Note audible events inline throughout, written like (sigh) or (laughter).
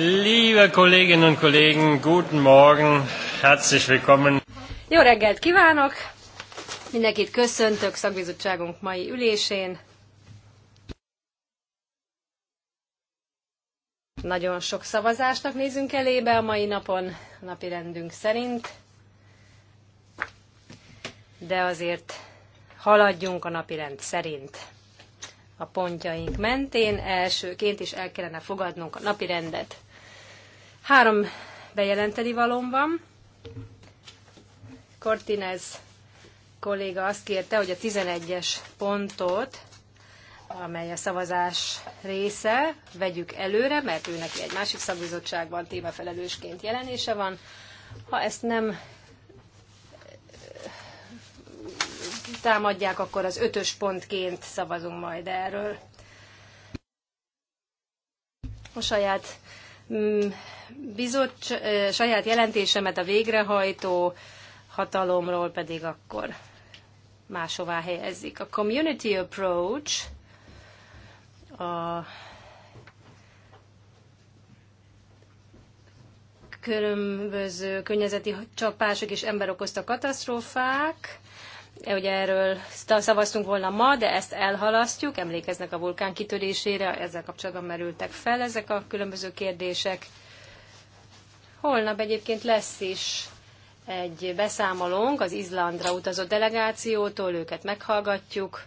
Liebe Kolleginnen und Kollegen, guten Morgen, herzlich willkommen. Jó reggelt kívánok! Mindenkit köszöntök szakbizottságunk mai ülésén. Nagyon sok szavazásnak nézünk elébe a mai napon, a napi rendünk szerint. De azért haladjunk a napi rend szerint a pontjaink mentén. Elsőként is el kellene fogadnunk a napi rendet. Három bejelenteni valóm van. Cortinez kolléga azt kérte, hogy a 11-es pontot, amely a szavazás része, vegyük előre, mert ő neki egy másik szakbizottságban témafelelősként jelenése van. Ha ezt nem eh, támadják, akkor az ötös pontként szavazunk majd erről. A saját Mm, bizot saját jelentésemet a végrehajtó hatalomról pedig akkor máshová helyezik. A community approach a különböző környezeti csapások és ember okozta katasztrófák E, ugye erről szavaztunk volna ma, de ezt elhalasztjuk, emlékeznek a vulkán kitörésére, ezzel kapcsolatban merültek fel ezek a különböző kérdések. Holnap egyébként lesz is egy beszámolónk az Izlandra utazó delegációtól, őket meghallgatjuk,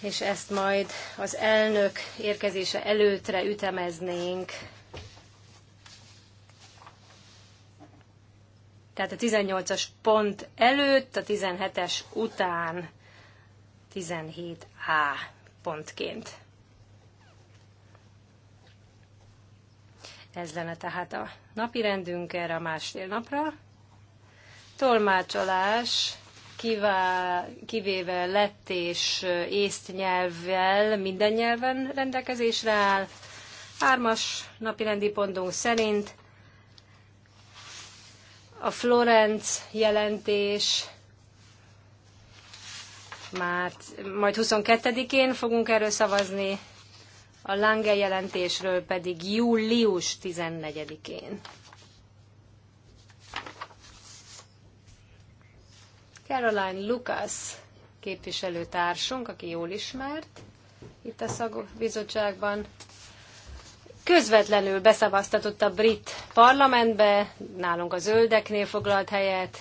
és ezt majd az elnök érkezése előttre ütemeznénk Tehát a 18-as pont előtt, a 17-es után 17A pontként. Ez lenne tehát a napi rendünk erre a másfél napra. Tolmácsolás kivá, kivéve lett és észt nyelvvel minden nyelven rendelkezésre áll. Hármas napi rendi pontunk szerint a Florence jelentés már majd 22-én fogunk erről szavazni, a Lange jelentésről pedig július 14-én. Caroline Lucas képviselőtársunk, aki jól ismert itt a szakbizottságban, közvetlenül beszavaztatott a brit parlamentbe, nálunk a zöldeknél foglalt helyet.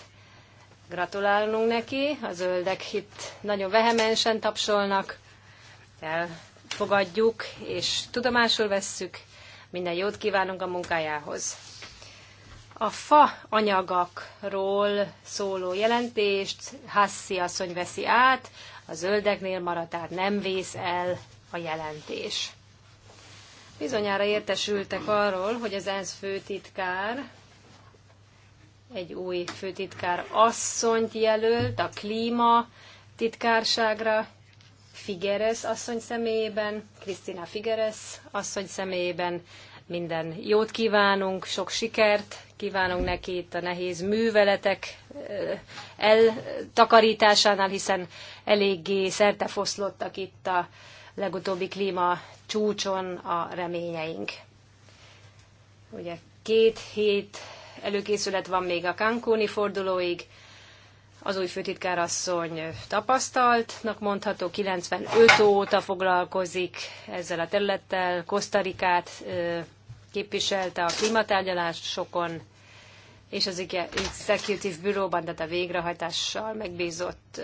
Gratulálunk neki, a zöldek itt nagyon vehemensen tapsolnak. Elfogadjuk és tudomásul vesszük. Minden jót kívánunk a munkájához. A fa anyagakról szóló jelentést Hassi asszony veszi át, a zöldeknél maradt, tehát nem vész el a jelentés. Bizonyára értesültek arról, hogy az ENSZ főtitkár egy új főtitkár asszonyt jelölt a klíma titkárságra, Figueres asszony személyében, Krisztina Figueres asszony személyében. Minden jót kívánunk, sok sikert kívánunk neki itt a nehéz műveletek eh, eltakarításánál, hiszen eléggé szertefoszlottak itt a legutóbbi klíma csúcson a reményeink. Ugye két hét előkészület van még a Cancúni fordulóig, az új főtitkárasszony tapasztaltnak mondható, 95 óta foglalkozik ezzel a területtel, Kosztarikát képviselte a klímatárgyalásokon, és az Executive Bureau-ban, tehát a végrehajtással megbízott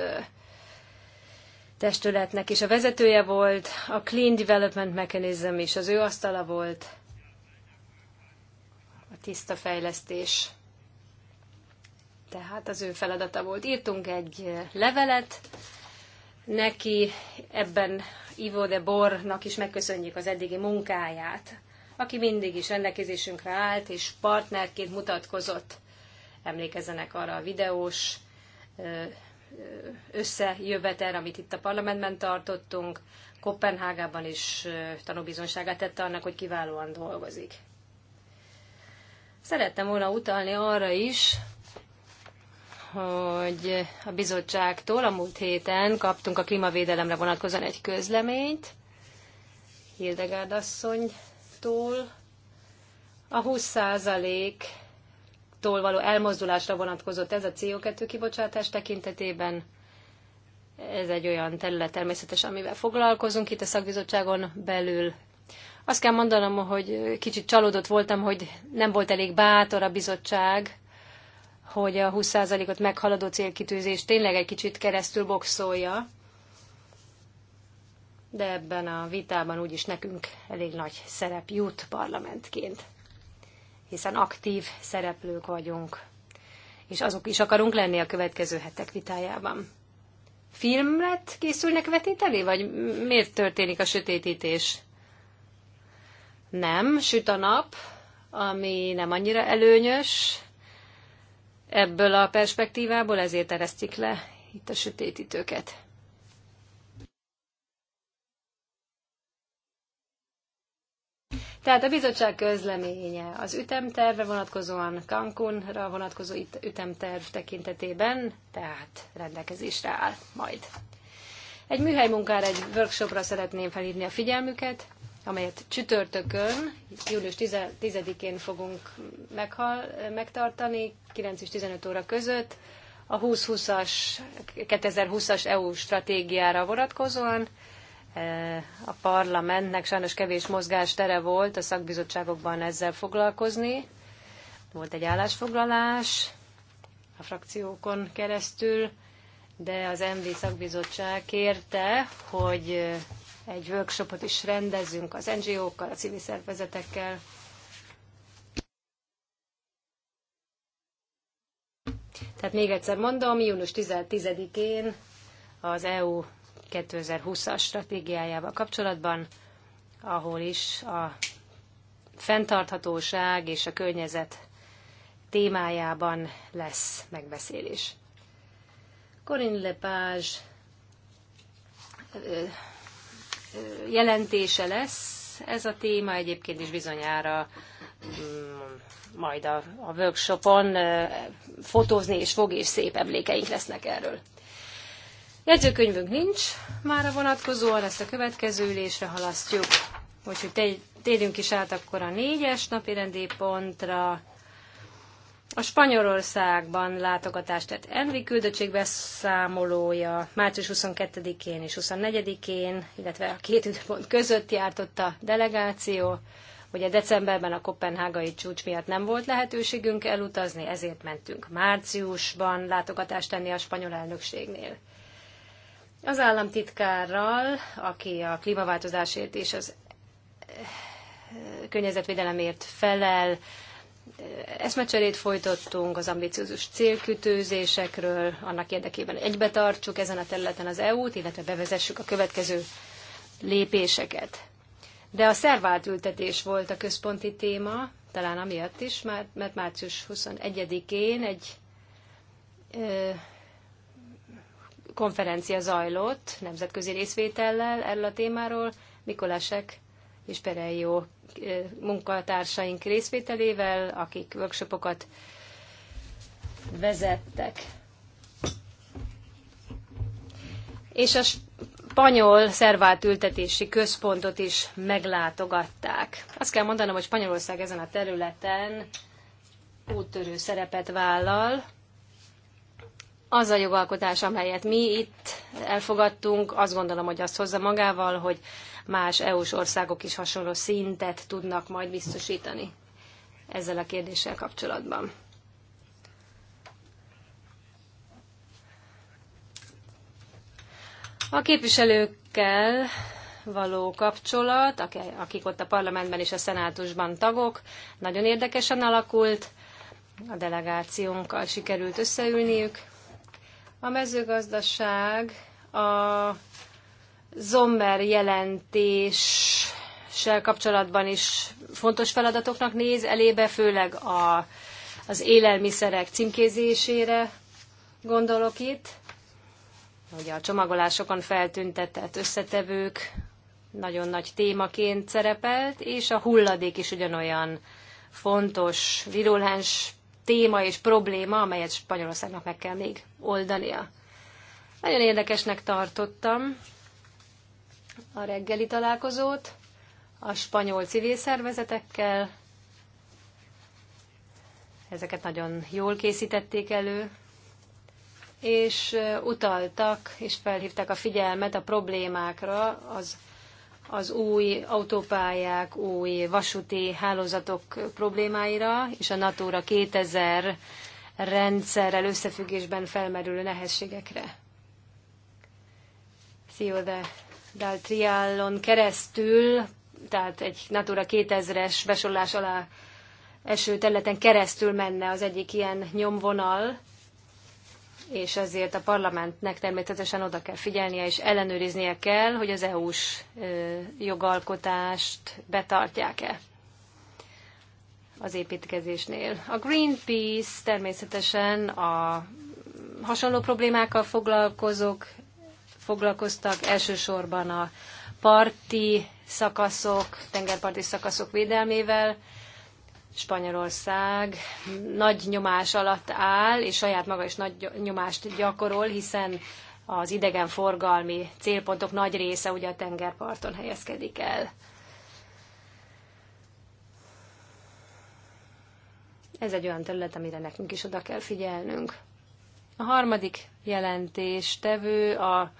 testületnek, és a vezetője volt, a Clean Development Mechanism is az ő asztala volt, a tiszta fejlesztés. Tehát az ő feladata volt. Írtunk egy levelet, neki ebben Ivo de Bornak is megköszönjük az eddigi munkáját, aki mindig is rendelkezésünkre állt, és partnerként mutatkozott. Emlékezzenek arra a videós összejövetel, amit itt a parlamentben tartottunk, Kopenhágában is tanúbizonyságát tette annak, hogy kiválóan dolgozik. Szerettem volna utalni arra is, hogy a bizottságtól a múlt héten kaptunk a klímavédelemre vonatkozóan egy közleményt, Hildegárd asszonytól. A 20 százalék tól való elmozdulásra vonatkozott ez a CO2 kibocsátás tekintetében. Ez egy olyan terület természetesen, amivel foglalkozunk itt a szakbizottságon belül. Azt kell mondanom, hogy kicsit csalódott voltam, hogy nem volt elég bátor a bizottság, hogy a 20%-ot meghaladó célkitűzés tényleg egy kicsit keresztül boxolja, de ebben a vitában úgyis nekünk elég nagy szerep jut parlamentként hiszen aktív szereplők vagyunk, és azok is akarunk lenni a következő hetek vitájában. Filmet készülnek vetíteni, vagy miért történik a sötétítés? Nem, süt a nap, ami nem annyira előnyös ebből a perspektívából, ezért eresztik le itt a sötétítőket. Tehát a bizottság közleménye az ütemterve vonatkozóan Cancunra vonatkozó ütemterv tekintetében, tehát rendelkezésre áll majd. Egy műhely munkára, egy workshopra szeretném felhívni a figyelmüket, amelyet csütörtökön, július 10-én fogunk meghal, megtartani, 9 és 15 óra között, a 2020-as, 2020 EU stratégiára vonatkozóan, Eh, a parlamentnek sajnos kevés mozgástere volt a szakbizottságokban ezzel foglalkozni. Volt egy állásfoglalás a frakciókon keresztül, de az MV szakbizottság kérte, hogy eh, egy workshopot is rendezünk az NGO-kkal, a civil szervezetekkel. Tehát még egyszer mondom, június 10-én az EU 2020-as stratégiájával kapcsolatban, ahol is a fenntarthatóság és a környezet témájában lesz megbeszélés. Corinne Lepage jelentése lesz ez a téma, egyébként is bizonyára mm, majd a, a workshopon fotózni és fog, és szép emlékeink lesznek erről. Jegyzőkönyvünk nincs már a vonatkozóan, ezt a következő ülésre halasztjuk. Úgyhogy térjünk is át akkor a négyes napi rendi pontra. A Spanyolországban látogatást tett Envi küldöttség beszámolója március 22-én és 24-én, illetve a két időpont között jártott a delegáció. Ugye decemberben a kopenhágai csúcs miatt nem volt lehetőségünk elutazni, ezért mentünk márciusban látogatást tenni a spanyol elnökségnél. Az államtitkárral, aki a klímaváltozásért és az eh, környezetvédelemért felel, eh, eszmecserét folytattunk az ambiciózus célkütőzésekről, annak érdekében tartsuk ezen a területen az EU-t, illetve bevezessük a következő lépéseket. De a szervált ültetés volt a központi téma, talán amiatt is, mert március 21-én egy eh, konferencia zajlott nemzetközi részvétellel erről a témáról, Mikolásek és Perejó eh, munkatársaink részvételével, akik workshopokat vezettek. És a spanyol szervát ültetési központot is meglátogatták. Azt kell mondanom, hogy Spanyolország ezen a területen úttörő szerepet vállal, az a jogalkotás, amelyet mi itt elfogadtunk, azt gondolom, hogy azt hozza magával, hogy más EU-s országok is hasonló szintet tudnak majd biztosítani ezzel a kérdéssel kapcsolatban. A képviselőkkel való kapcsolat, akik ott a parlamentben és a szenátusban tagok, nagyon érdekesen alakult. A delegációnkkal sikerült összeülniük. A mezőgazdaság a Zommer jelentéssel kapcsolatban is fontos feladatoknak néz elébe, főleg a, az élelmiszerek címkézésére gondolok itt. Ugye a csomagolásokon feltüntetett összetevők nagyon nagy témaként szerepelt, és a hulladék is ugyanolyan fontos, virulens téma és probléma, amelyet Spanyolországnak meg kell még oldania. Nagyon érdekesnek tartottam a reggeli találkozót a spanyol civil szervezetekkel. Ezeket nagyon jól készítették elő, és utaltak és felhívták a figyelmet a problémákra az az új autópályák, új vasúti hálózatok problémáira és a Natura 2000 rendszerrel összefüggésben felmerülő nehézségekre. Szio de Dal Triallon keresztül, tehát egy Natura 2000-es besorolás alá eső területen keresztül menne az egyik ilyen nyomvonal, és ezért a parlamentnek természetesen oda kell figyelnie, és ellenőriznie kell, hogy az EU-s jogalkotást betartják-e az építkezésnél. A Greenpeace természetesen a hasonló problémákkal foglalkozók foglalkoztak elsősorban a parti szakaszok, tengerparti szakaszok védelmével, Spanyolország nagy nyomás alatt áll, és saját maga is nagy nyomást gyakorol, hiszen az idegenforgalmi célpontok nagy része ugye a tengerparton helyezkedik el. Ez egy olyan terület, amire nekünk is oda kell figyelnünk. A harmadik jelentéstevő a,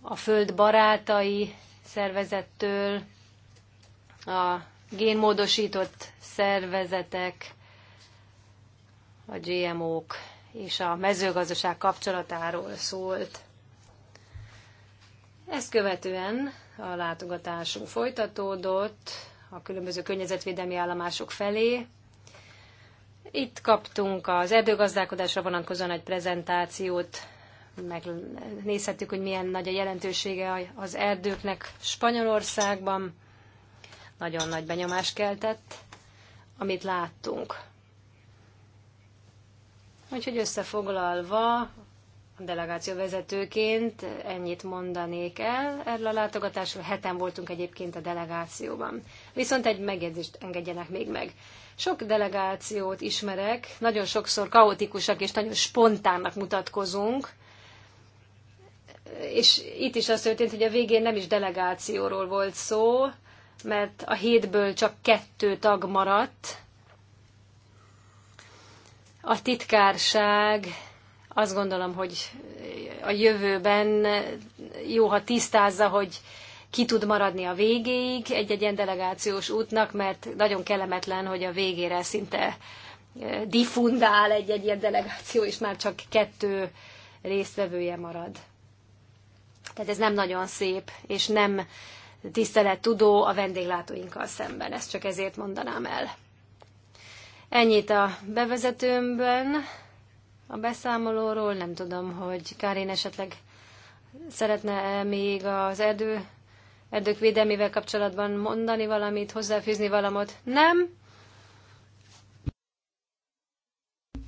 a Föld Barátai szervezettől a génmódosított szervezetek, a GMO-k és a mezőgazdaság kapcsolatáról szólt. Ezt követően a látogatásunk folytatódott a különböző környezetvédelmi állomások felé. Itt kaptunk az erdőgazdálkodásra vonatkozóan egy prezentációt, megnézhetjük, hogy milyen nagy a jelentősége az erdőknek Spanyolországban nagyon nagy benyomást keltett, amit láttunk. Úgyhogy összefoglalva, a delegáció vezetőként ennyit mondanék el erről a látogatásról. Heten voltunk egyébként a delegációban. Viszont egy megjegyzést engedjenek még meg. Sok delegációt ismerek, nagyon sokszor kaotikusak és nagyon spontánnak mutatkozunk, és itt is az történt, hogy a végén nem is delegációról volt szó, mert a hétből csak kettő tag maradt. A titkárság azt gondolom, hogy a jövőben jó, ha tisztázza, hogy ki tud maradni a végéig egy-egy ilyen delegációs útnak, mert nagyon kellemetlen, hogy a végére szinte eh, diffundál egy-egy ilyen delegáció, és már csak kettő résztvevője marad. Tehát ez nem nagyon szép, és nem tisztelettudó a vendéglátóinkkal szemben. Ezt csak ezért mondanám el. Ennyit a bevezetőmben a beszámolóról. Nem tudom, hogy Kárén esetleg szeretne -e még az erdő, erdők védelmével kapcsolatban mondani valamit, hozzáfűzni valamot. Nem?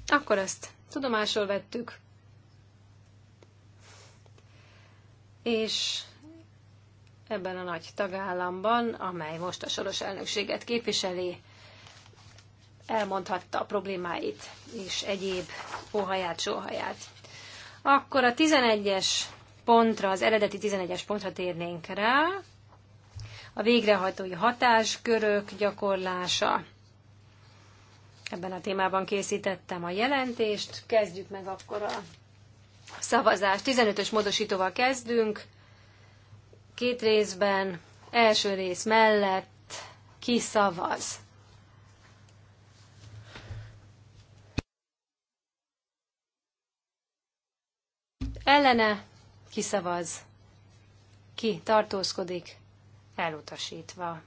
Akkor ezt tudomásul vettük. És ebben a nagy tagállamban, amely most a soros elnökséget képviseli, elmondhatta a problémáit és egyéb óhaját, sóhaját. Akkor a 11-es pontra, az eredeti 11-es pontra térnénk rá, a végrehajtói hatáskörök gyakorlása. Ebben a témában készítettem a jelentést. Kezdjük meg akkor a szavazást. 15-ös módosítóval kezdünk. Két részben, első rész mellett kiszavaz. Ellene kiszavaz. Ki tartózkodik? Elutasítva.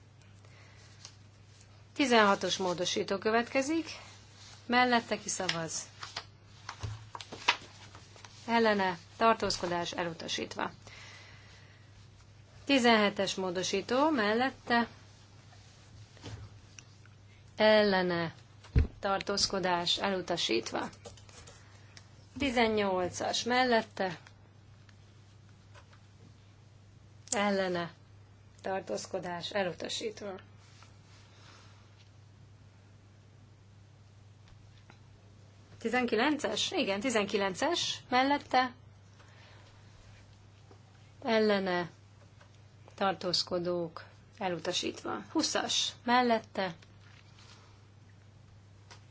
16-os módosító következik. Mellette kiszavaz. Ellene tartózkodás elutasítva. 17-es módosító mellette ellene tartózkodás elutasítva. 18-as mellette ellene tartózkodás elutasítva. Tizenkilences? Igen, tizenkilences mellette ellene tartózkodók elutasítva. 20-as mellette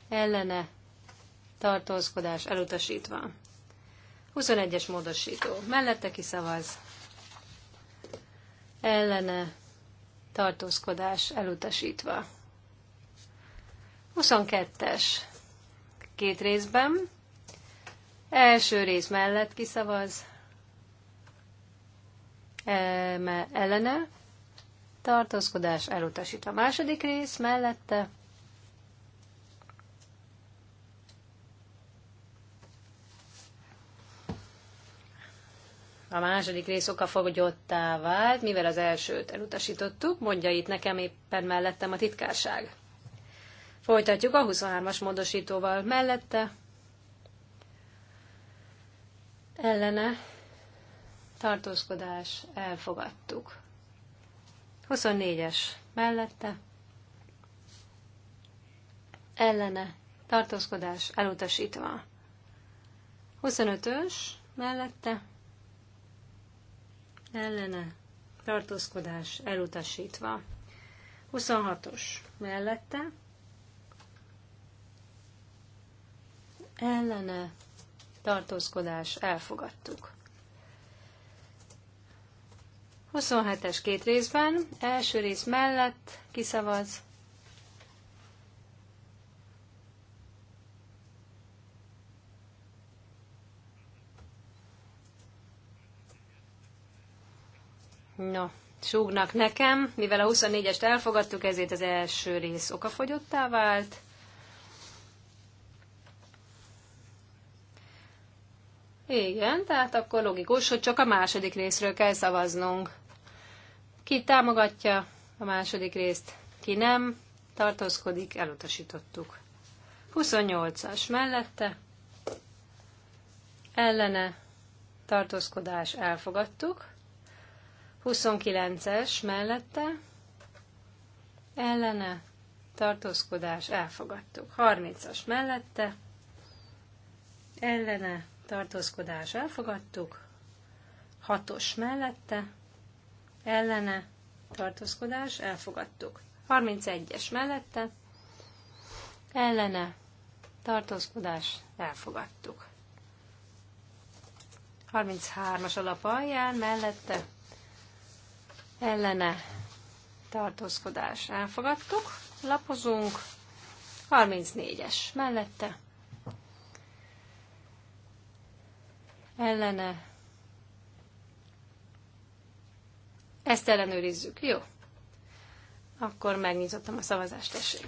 ellene tartózkodás elutasítva. 21-es módosító mellette kiszavaz ellene tartózkodás elutasítva. 22-es két részben. Első rész mellett kiszavaz, ellene, tartózkodás A Második rész mellette, A második rész okafogyottá vált, mivel az elsőt elutasítottuk, mondja itt nekem éppen mellettem a titkárság. Folytatjuk a 23-as módosítóval mellette. Ellene tartózkodás, elfogadtuk. 24-es mellette, ellene, tartózkodás, elutasítva. 25-ös mellette, ellene, tartózkodás, elutasítva. 26-os mellette, ellene, tartózkodás, elfogadtuk. 27-es két részben, első rész mellett kiszavaz. No, súgnak nekem, mivel a 24-est elfogadtuk, ezért az első rész okafogyottá vált. Igen, tehát akkor logikus, hogy csak a második részről kell szavaznunk. Ki támogatja a második részt, ki nem, tartózkodik, elutasítottuk. 28-as mellette, ellene, tartózkodás, elfogadtuk. 29-es mellette, ellene, tartózkodás, elfogadtuk. 30-as mellette, ellene, tartózkodás, elfogadtuk. 6-os mellette, ellene tartózkodás elfogadtuk. 31-es mellette ellene tartózkodás elfogadtuk. 33-as alap alján mellette ellene tartózkodás elfogadtuk. Lapozunk. 34-es mellette ellene Ezt ellenőrizzük, jó? Akkor megnyitottam a szavazást, tessék.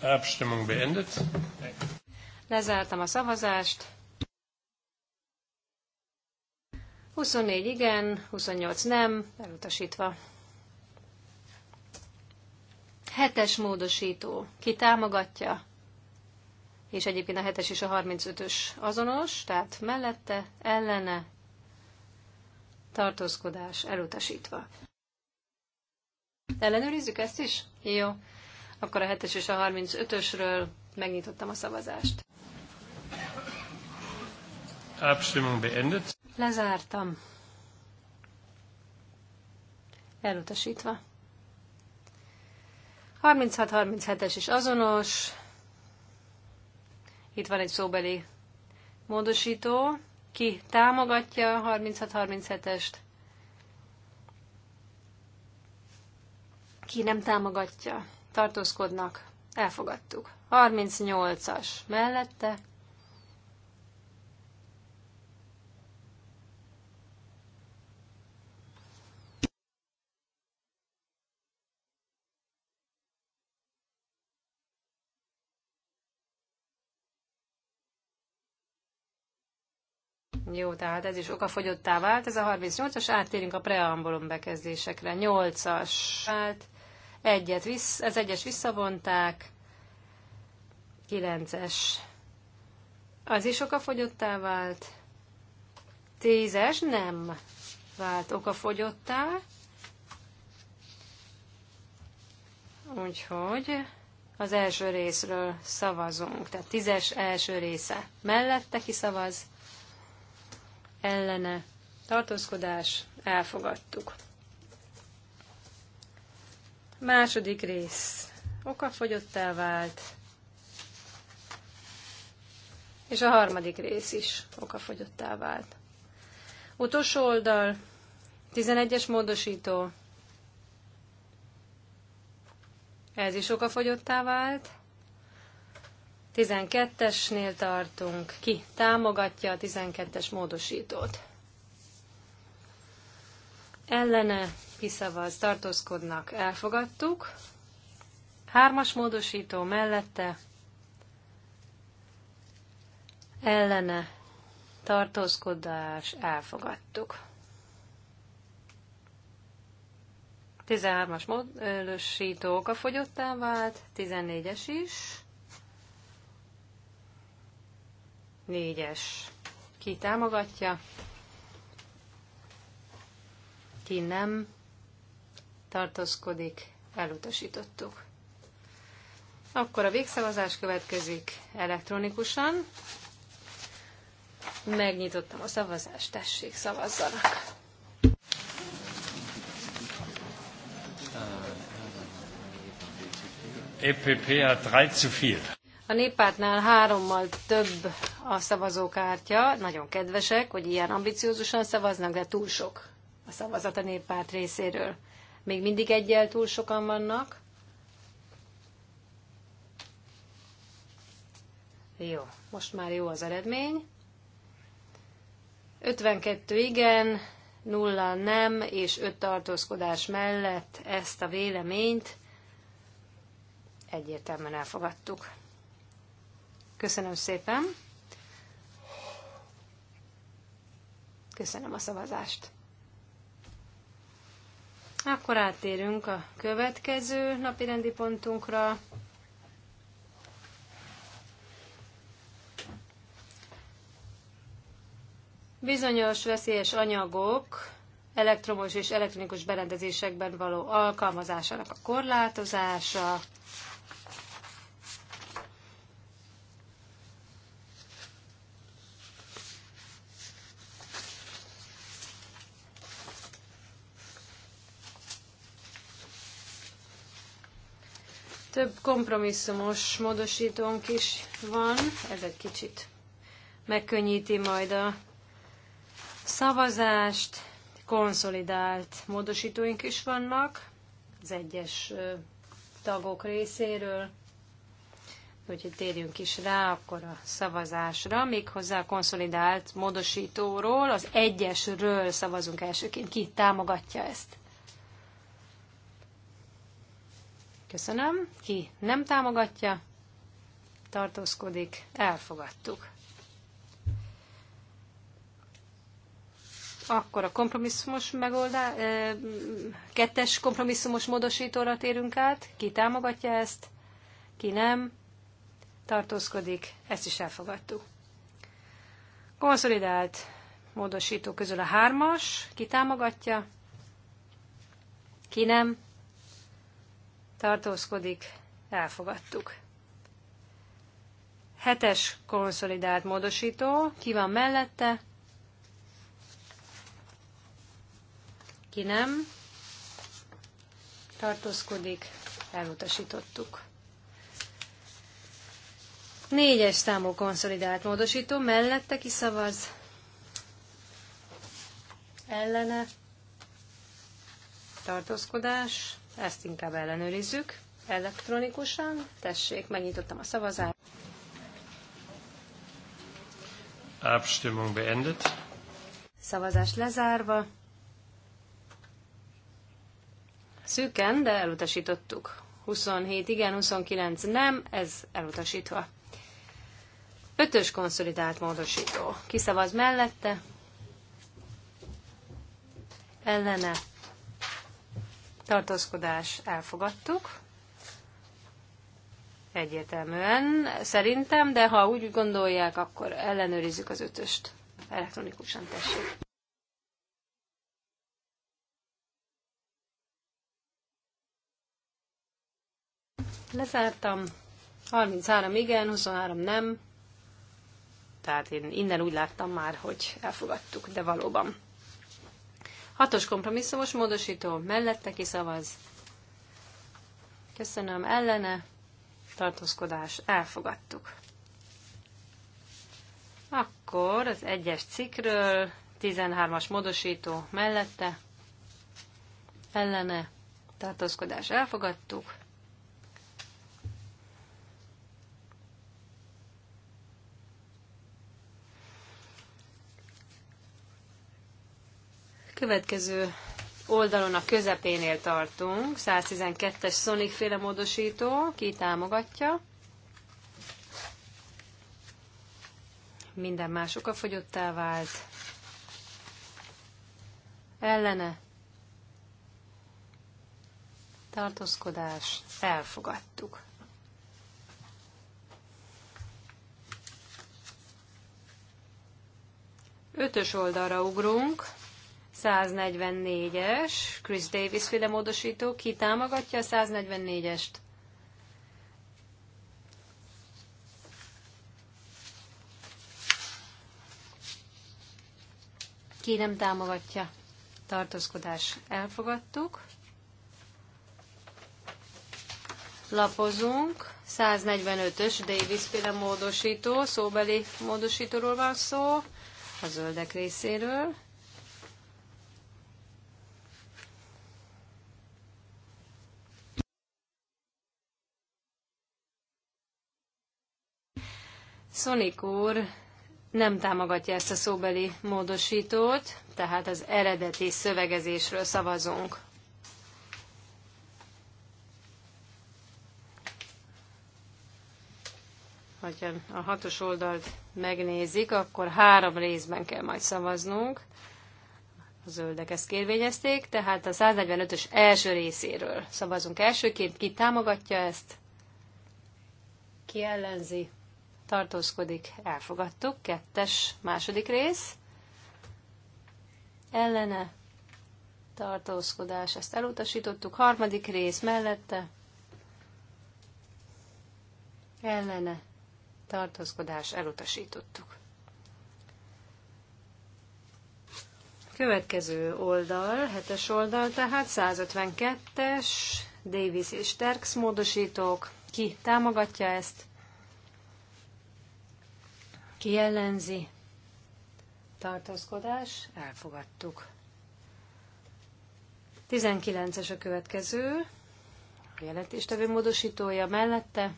Abstimmung beendet. Lezártam a szavazást. 24 igen, 28 nem, elutasítva. Hetes módosító. Ki támogatja? és egyébként a 7-es és a 35-ös azonos, tehát mellette, ellene, tartózkodás elutasítva. Ellenőrizzük ezt is? Jó. Akkor a 7-es és a 35-ösről megnyitottam a szavazást. Abstimmung beendet. Lezártam. Elutasítva. 36-37-es is azonos, itt van egy szóbeli módosító. Ki támogatja a 36-37-est? Ki nem támogatja? Tartózkodnak. Elfogadtuk. 38-as mellette Jó, tehát ez is okafogyottá vált, ez a 38-as, áttérünk a preambulum bekezdésekre. 8-as vált, egyet vissz, az egyes visszavonták, 9-es. Az is okafogyottá vált, 10-es nem vált okafogyottá, úgyhogy az első részről szavazunk, tehát tízes első része. Mellette kiszavaz, szavaz? ellene tartózkodás elfogadtuk. Második rész okafogyottá vált, és a harmadik rész is okafogyottá vált. Utolsó oldal, 11-es módosító, ez is okafogyottá vált. 12-esnél tartunk. Ki támogatja a 12-es módosítót? Ellene kiszavaz, tartózkodnak, elfogadtuk. Hármas módosító mellette ellene tartózkodás, elfogadtuk. 13-as módosító okafogyottá vált, 14-es is. Négyes. Ki támogatja? Ki nem tartózkodik? Elutasítottuk. Akkor a végszavazás következik elektronikusan. Megnyitottam a szavazást, tessék, szavazzanak! EPP a 3 zu 4 néppártnál hárommal több a szavazókártya, nagyon kedvesek, hogy ilyen ambiciózusan szavaznak, de túl sok a szavazat a néppárt részéről. Még mindig egyel túl sokan vannak. Jó, most már jó az eredmény. 52 igen, nulla nem és 5 tartózkodás mellett ezt a véleményt egyértelműen elfogadtuk. Köszönöm szépen. Köszönöm a szavazást. Akkor áttérünk a következő napi rendi pontunkra. Bizonyos veszélyes anyagok elektromos és elektronikus berendezésekben való alkalmazásának a korlátozása. Több kompromisszumos módosítónk is van, ez egy kicsit megkönnyíti majd a szavazást, konszolidált módosítóink is vannak az egyes tagok részéről, úgyhogy térjünk is rá akkor a szavazásra, méghozzá a konszolidált módosítóról, az egyesről szavazunk elsőként. Ki támogatja ezt? Köszönöm. Ki nem támogatja, tartózkodik, elfogadtuk. Akkor a kompromisszumos megoldás, kettes kompromisszumos módosítóra térünk át. Ki támogatja ezt, ki nem, tartózkodik, ezt is elfogadtuk. Konszolidált módosító közül a hármas, ki támogatja, ki nem, tartózkodik, elfogadtuk. Hetes konszolidált módosító, ki van mellette, ki nem, tartózkodik, elutasítottuk. Négyes számú konszolidált módosító, mellette kiszavaz, ellene, tartózkodás, ezt inkább ellenőrizzük elektronikusan. Tessék, megnyitottam a szavazást. Abstimmung beendet. Szavazás lezárva. Szűken, de elutasítottuk. 27 igen, 29 nem, ez elutasítva. Ötös konszolidált módosító. Kiszavaz mellette. Ellene tartózkodás elfogadtuk. Egyértelműen szerintem, de ha úgy gondolják, akkor ellenőrizzük az ötöst. Elektronikusan tessék. Lezártam. 33 igen, 23 nem. Tehát én innen úgy láttam már, hogy elfogadtuk, de valóban Hatos kompromisszumos módosító mellette kiszavaz. Köszönöm ellene. Tartózkodás. Elfogadtuk. Akkor az egyes cikről 13-as módosító mellette ellene tartózkodás elfogadtuk. következő oldalon a közepénél tartunk, 112-es Sonic féle módosító, ki támogatja. Minden más fogyottá vált. Ellene. Tartózkodás. Elfogadtuk. Ötös oldalra ugrunk. 144-es, Chris Davis féle módosító, ki támogatja a 144-est? Ki nem támogatja? Tartózkodás elfogadtuk. Lapozunk. 145-ös Davis féle módosító, szóbeli módosítóról van szó, a zöldek részéről. Szonik úr nem támogatja ezt a szóbeli módosítót, tehát az eredeti szövegezésről szavazunk. hogyha a hatos oldalt megnézik, akkor három részben kell majd szavaznunk. A zöldek ezt kérvényezték, tehát a 145-ös első részéről szavazunk elsőként. Ki támogatja ezt? Ki ellenzi? tartózkodik, elfogadtuk. Kettes, második rész, ellene, tartózkodás, ezt elutasítottuk. Harmadik rész mellette, ellene, tartózkodás, elutasítottuk. Következő oldal, hetes oldal, tehát 152-es, Davis és Terks módosítók. Ki támogatja ezt? Ki ellenzi? Tartózkodás. Elfogadtuk. 19-es a következő. A jelentéstevő módosítója mellette.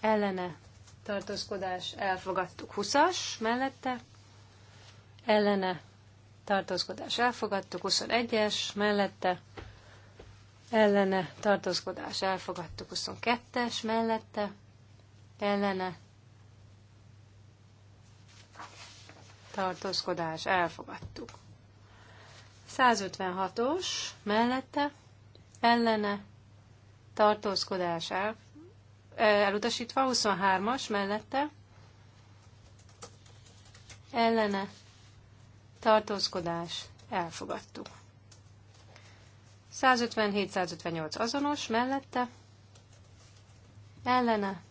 Ellene. Tartózkodás. Elfogadtuk. 20-as mellette. Ellene. Tartózkodás. Elfogadtuk. 21-es mellette ellene tartózkodás elfogadtuk 22-es mellette, ellene tartózkodás, elfogadtuk. 156-os mellette, ellene, tartózkodás, el, e, elutasítva, 23-as mellette, ellene, tartózkodás, elfogadtuk. 157-158 azonos, mellette, ellene,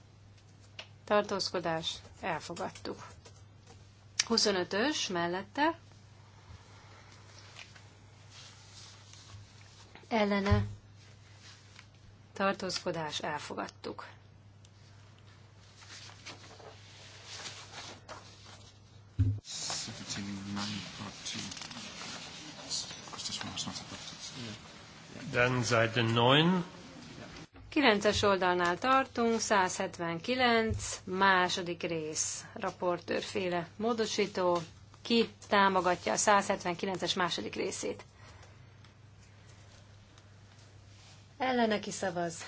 tartózkodás, elfogadtuk. 25-ös mellette ellene tartózkodás elfogadtuk. Dann Seite 9. 9-es oldalnál tartunk, 179, második rész, raportőrféle módosító, ki támogatja a 179-es második részét. Ellene szavaz.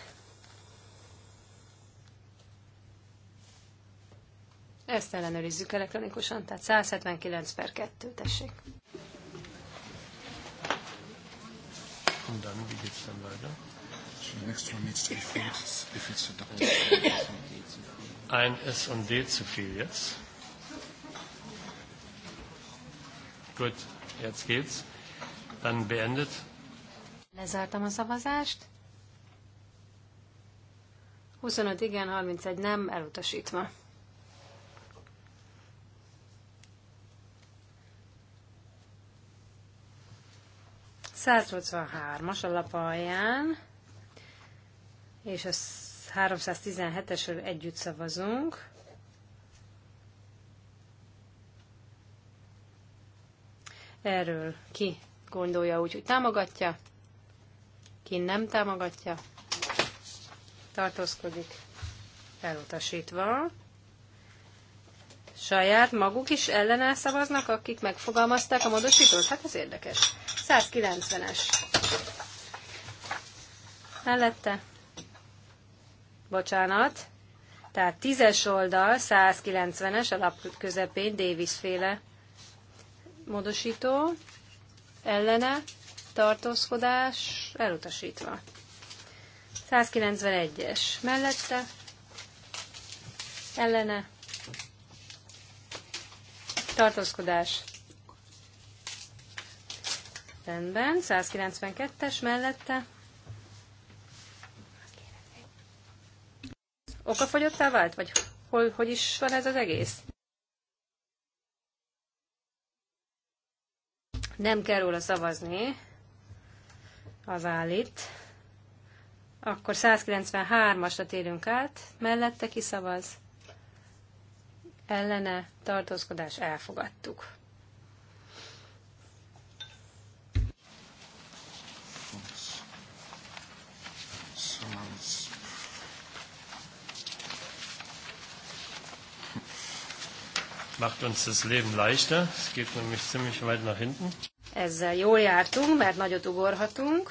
Ezt ellenőrizzük elektronikusan, tehát 179 per 2, tessék. Und The next one needs to be food if it's the whole (laughs) Ein S und D zu viel jetzt. Gut, jetzt geht's. Dann beendet. Lezártam a szavazást. 25 igen, 31 nem, elutasítva. as a lapalján és a 317-esről együtt szavazunk. Erről ki gondolja úgy, hogy támogatja, ki nem támogatja, tartózkodik, elutasítva. Saját maguk is ellene szavaznak, akik megfogalmazták a módosítót? Hát ez érdekes. 190-es. Mellette bocsánat, tehát tízes oldal, 190-es, a lap közepén, Davis féle módosító, ellene, tartózkodás, elutasítva. 191-es mellette, ellene, tartózkodás, rendben, 192-es mellette, okafogyottá vált? Vagy hol, hogy is van ez az egész? Nem kell róla szavazni, az állít. Akkor 193-asra térünk át, mellette kiszavaz. Ellene tartózkodás elfogadtuk. macht uns das Leben leichter. Es geht nämlich ziemlich weit nach hinten. Ezzel jól jártunk, mert nagyot ugorhatunk.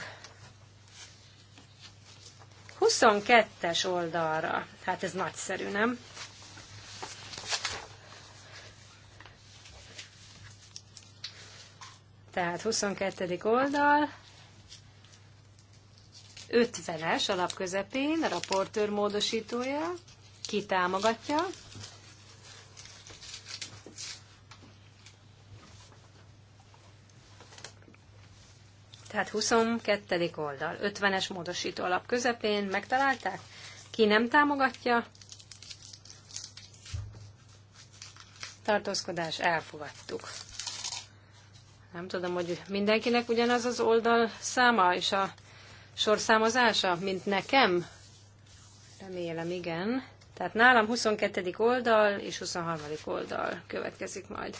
22-es oldalra. Hát ez nagyszerű, nem? Tehát 22. oldal, 50-es alapközepén, a raportőr módosítója, ki támogatja, Tehát 22. oldal, 50-es módosító alap közepén megtalálták? Ki nem támogatja? Tartózkodás, elfogadtuk. Nem tudom, hogy mindenkinek ugyanaz az oldal száma és a sorszámozása, mint nekem? Remélem, igen. Tehát nálam 22. oldal és 23. oldal következik majd.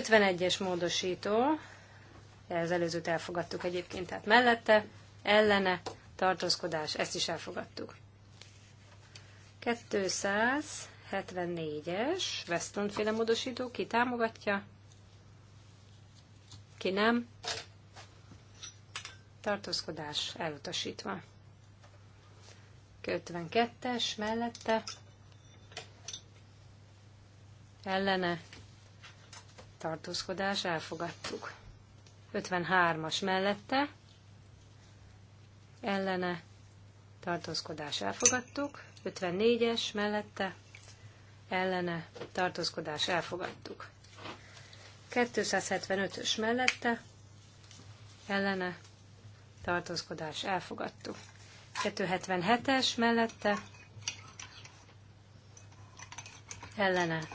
51-es módosító, az előzőt elfogadtuk egyébként, tehát mellette, ellene, tartózkodás, ezt is elfogadtuk. 274-es, Weston féle módosító, ki támogatja, ki nem, tartózkodás elutasítva. 52-es mellette, ellene, tartózkodás, elfogadtuk. 53-as mellette, ellene, tartózkodás, elfogadtuk. 54-es mellette, ellene, tartózkodás, elfogadtuk. 275-ös mellette, ellene, tartózkodás, elfogadtuk. 277-es mellette, ellene,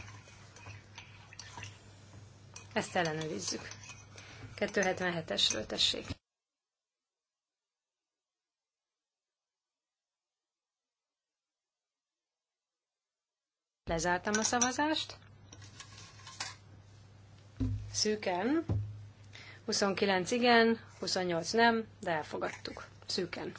ezt ellenőrizzük. 277-esről tessék. Lezártam a szavazást. Szűken. 29 igen, 28 nem, de elfogadtuk. Szűken.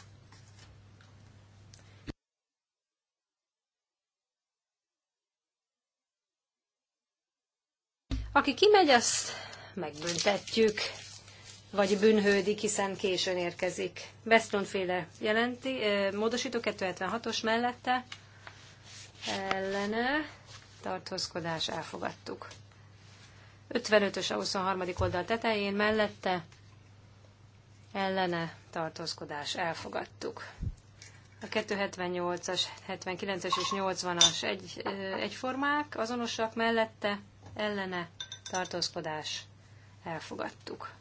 Aki kimegy, azt megbüntetjük, vagy bűnhődik, hiszen későn érkezik. féle jelenti, módosító 276-os mellette ellene tartózkodás elfogadtuk. 55-ös a 23. oldal tetején mellette ellene tartózkodás elfogadtuk. A 278-as, 79-es és 80-as egy, egyformák, azonosak mellette, ellene tartózkodás, elfogadtuk.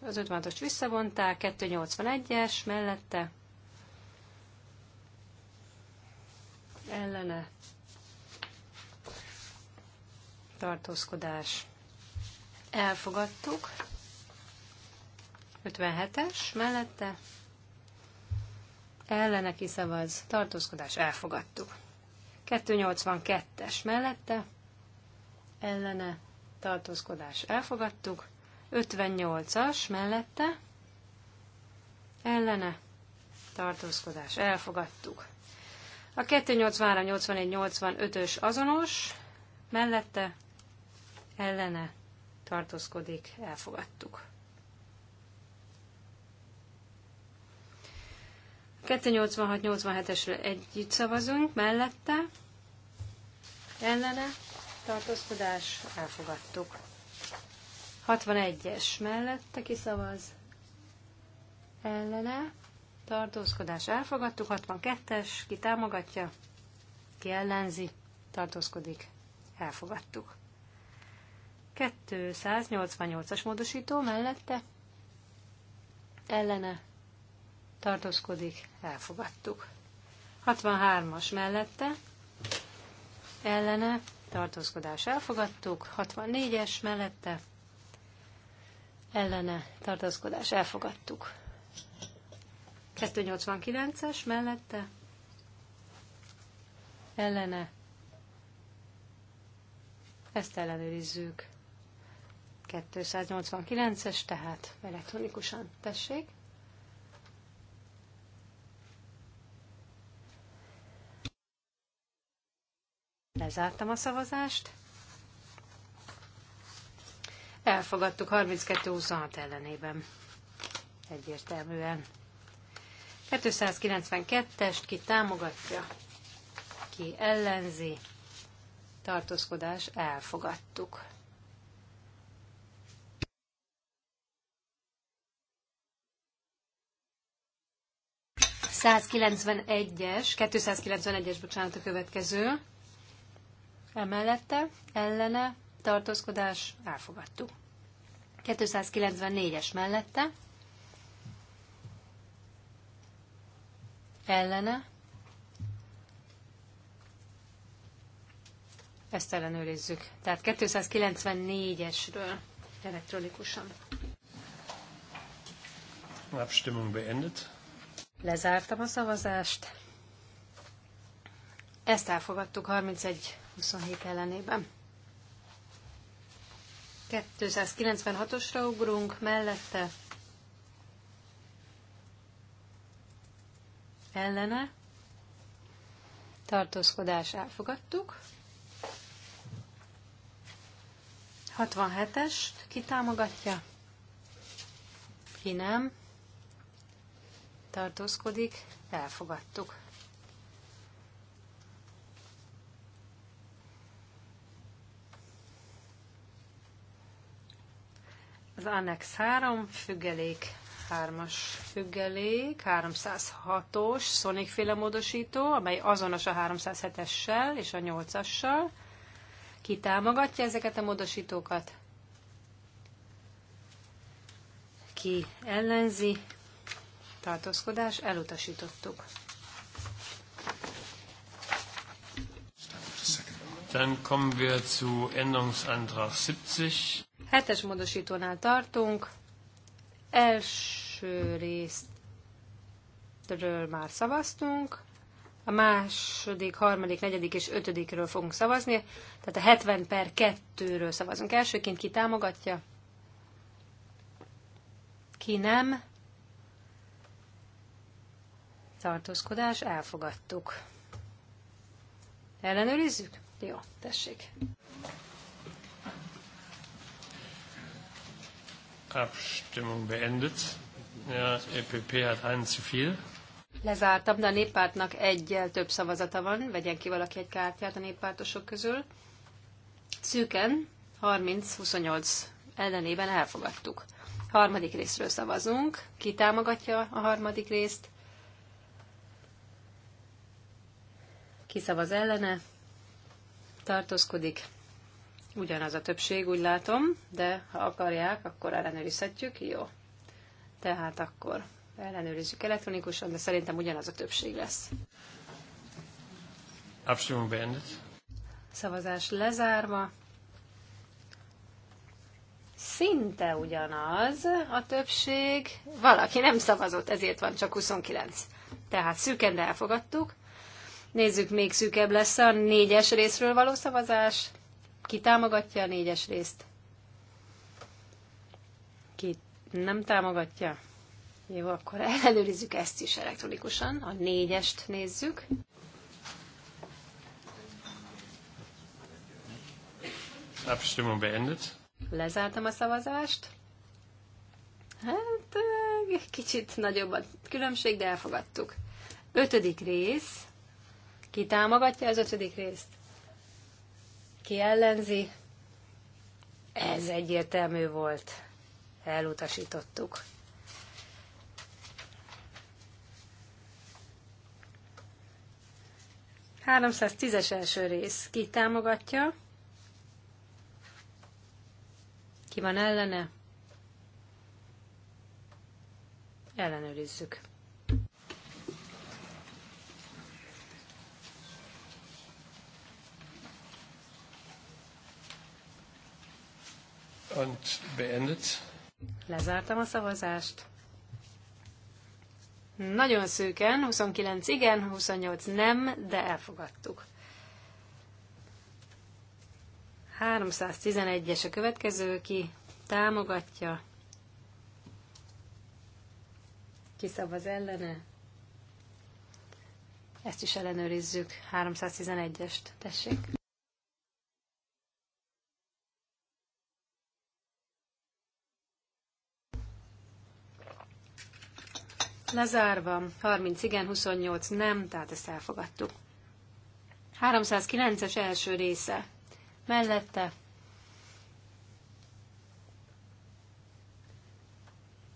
Az 56-ost visszavonták, 281-es mellette, ellene, tartózkodás, elfogadtuk. 57-es mellette, ellene kiszavaz, tartózkodás, elfogadtuk. 282-es mellette, ellene tartózkodás elfogadtuk, 58-as mellette ellene tartózkodás elfogadtuk. A 283-81-85-ös azonos, mellette ellene tartózkodik, elfogadtuk. 286-87-esről együtt szavazunk, mellette ellene tartózkodás, elfogadtuk. 61-es mellette kiszavaz, ellene, tartózkodás, elfogadtuk. 62-es, ki támogatja, ki ellenzi, tartózkodik, elfogadtuk. 288-as módosító mellette, ellene, tartózkodik, elfogadtuk. 63-as mellette, ellene, tartózkodás elfogadtuk, 64-es mellette ellene tartózkodás elfogadtuk. 289-es mellette ellene ezt ellenőrizzük. 289-es, tehát elektronikusan tessék. Lezártam a szavazást. Elfogadtuk 32-26 ellenében. Egyértelműen. 292-est ki támogatja, ki ellenzi, tartózkodás elfogadtuk. es 291-es, bocsánat, a következő Emellette ellene tartózkodás elfogadtuk. 294-es mellette ellene ezt ellenőrizzük. Tehát 294-esről elektronikusan. Abstimmung beendet. Lezártam a szavazást. Ezt elfogadtuk 31 27 ellenében. 296-osra ugrunk, mellette ellene tartózkodás elfogadtuk. 67-est kitámogatja, ki nem, tartózkodik, elfogadtuk. Az Annex 3 függelék 3-as függelék, 306-os Sonic féle módosító, amely azonos a 307-essel és a 8-assal. Ki támogatja ezeket a módosítókat? Ki ellenzi? Tartózkodás elutasítottuk. Dann kommen wir zu Änderungsantrag 70. Hetes módosítónál tartunk. Első részről már szavaztunk. A második, harmadik, negyedik és ötödikről fogunk szavazni. Tehát a 70 per 2-ről szavazunk. Elsőként ki támogatja? Ki nem? Tartózkodás, elfogadtuk. Ellenőrizzük? Jó, tessék. Abstimmung beendet. Ja, EPP hat einen zu viel. Lezártam, de a néppártnak egyel több szavazata van. Vegyen ki valaki egy kártyát a néppártosok közül. Szűken 30-28 ellenében elfogadtuk. Harmadik részről szavazunk. Ki támogatja a harmadik részt? Ki szavaz ellene? Tartózkodik. Ugyanaz a többség, úgy látom, de ha akarják, akkor ellenőrizhetjük. Jó. Tehát akkor ellenőrizzük elektronikusan, de szerintem ugyanaz a többség lesz. Abstimmung beendet. Szavazás lezárva. Szinte ugyanaz a többség. Valaki nem szavazott, ezért van csak 29. Tehát szűken, elfogadtuk. Nézzük, még szűkebb lesz a négyes részről való szavazás. Ki támogatja a négyes részt? Ki nem támogatja? Jó, akkor ellenőrizzük ezt is elektronikusan. A négyest nézzük. Abstimmung beendet. Lezártam a szavazást. Hát, kicsit nagyobb a különbség, de elfogadtuk. Ötödik rész. Ki támogatja az ötödik részt? ki ellenzi. Ez egyértelmű volt. Elutasítottuk. es első rész. Ki támogatja? Ki van ellene? Ellenőrizzük. und beendet. Lezártam a szavazást. Nagyon szűken, 29 igen, 28 nem, de elfogadtuk. 311-es a következő, ki támogatja, ki szavaz ellene. Ezt is ellenőrizzük, 311-est, tessék. lezárva, 30 igen, 28 nem, tehát ezt elfogadtuk. 309-es első része. Mellette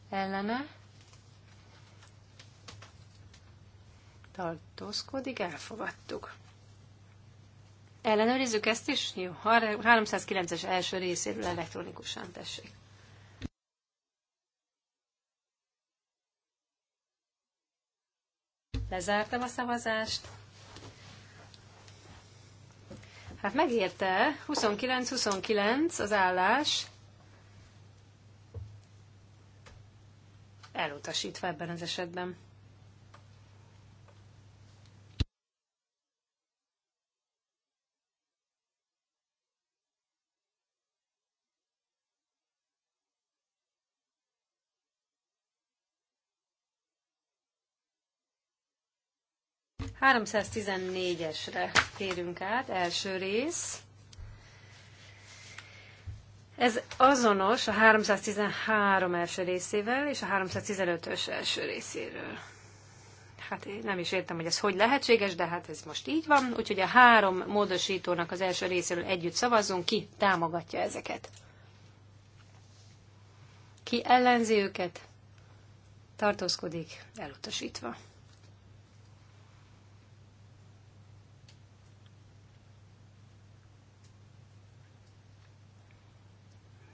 ellene tartózkodik, elfogadtuk. Ellenőrizzük ezt is? Jó, 309-es első részét elektronikusan tessék. Lezártam a szavazást. Hát megérte, 29-29 az állás. Elutasítva ebben az esetben. 314-esre térünk át, első rész. Ez azonos a 313 első részével és a 315-ös első részéről. Hát én nem is értem, hogy ez hogy lehetséges, de hát ez most így van. Úgyhogy a három módosítónak az első részéről együtt szavazzunk, ki támogatja ezeket. Ki ellenzi őket, tartózkodik, elutasítva.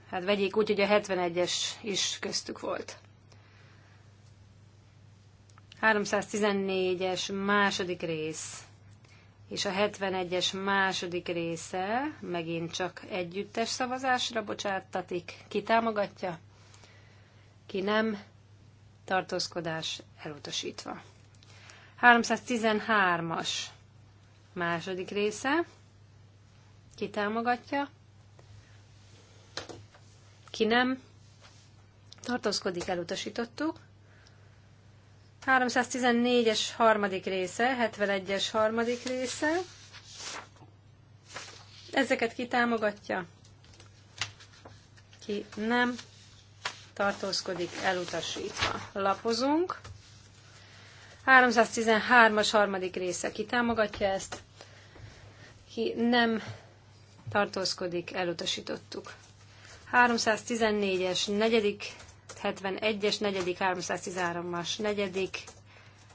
Hát vegyék úgy, hogy a 71-es is köztük volt. 314-es második rész és a 71-es második része megint csak együttes szavazásra bocsáttatik. Ki támogatja? Ki nem? Tartózkodás elutasítva. 313-as második része. Ki támogatja? ki nem. Tartózkodik, elutasítottuk. 314-es harmadik része, 71-es harmadik része. Ezeket ki támogatja? Ki nem tartózkodik elutasítva. Lapozunk. 313-as harmadik része ki támogatja ezt, ki nem tartózkodik, elutasítottuk. 314-es, negyedik 71-es, negyedik 313-as, negyedik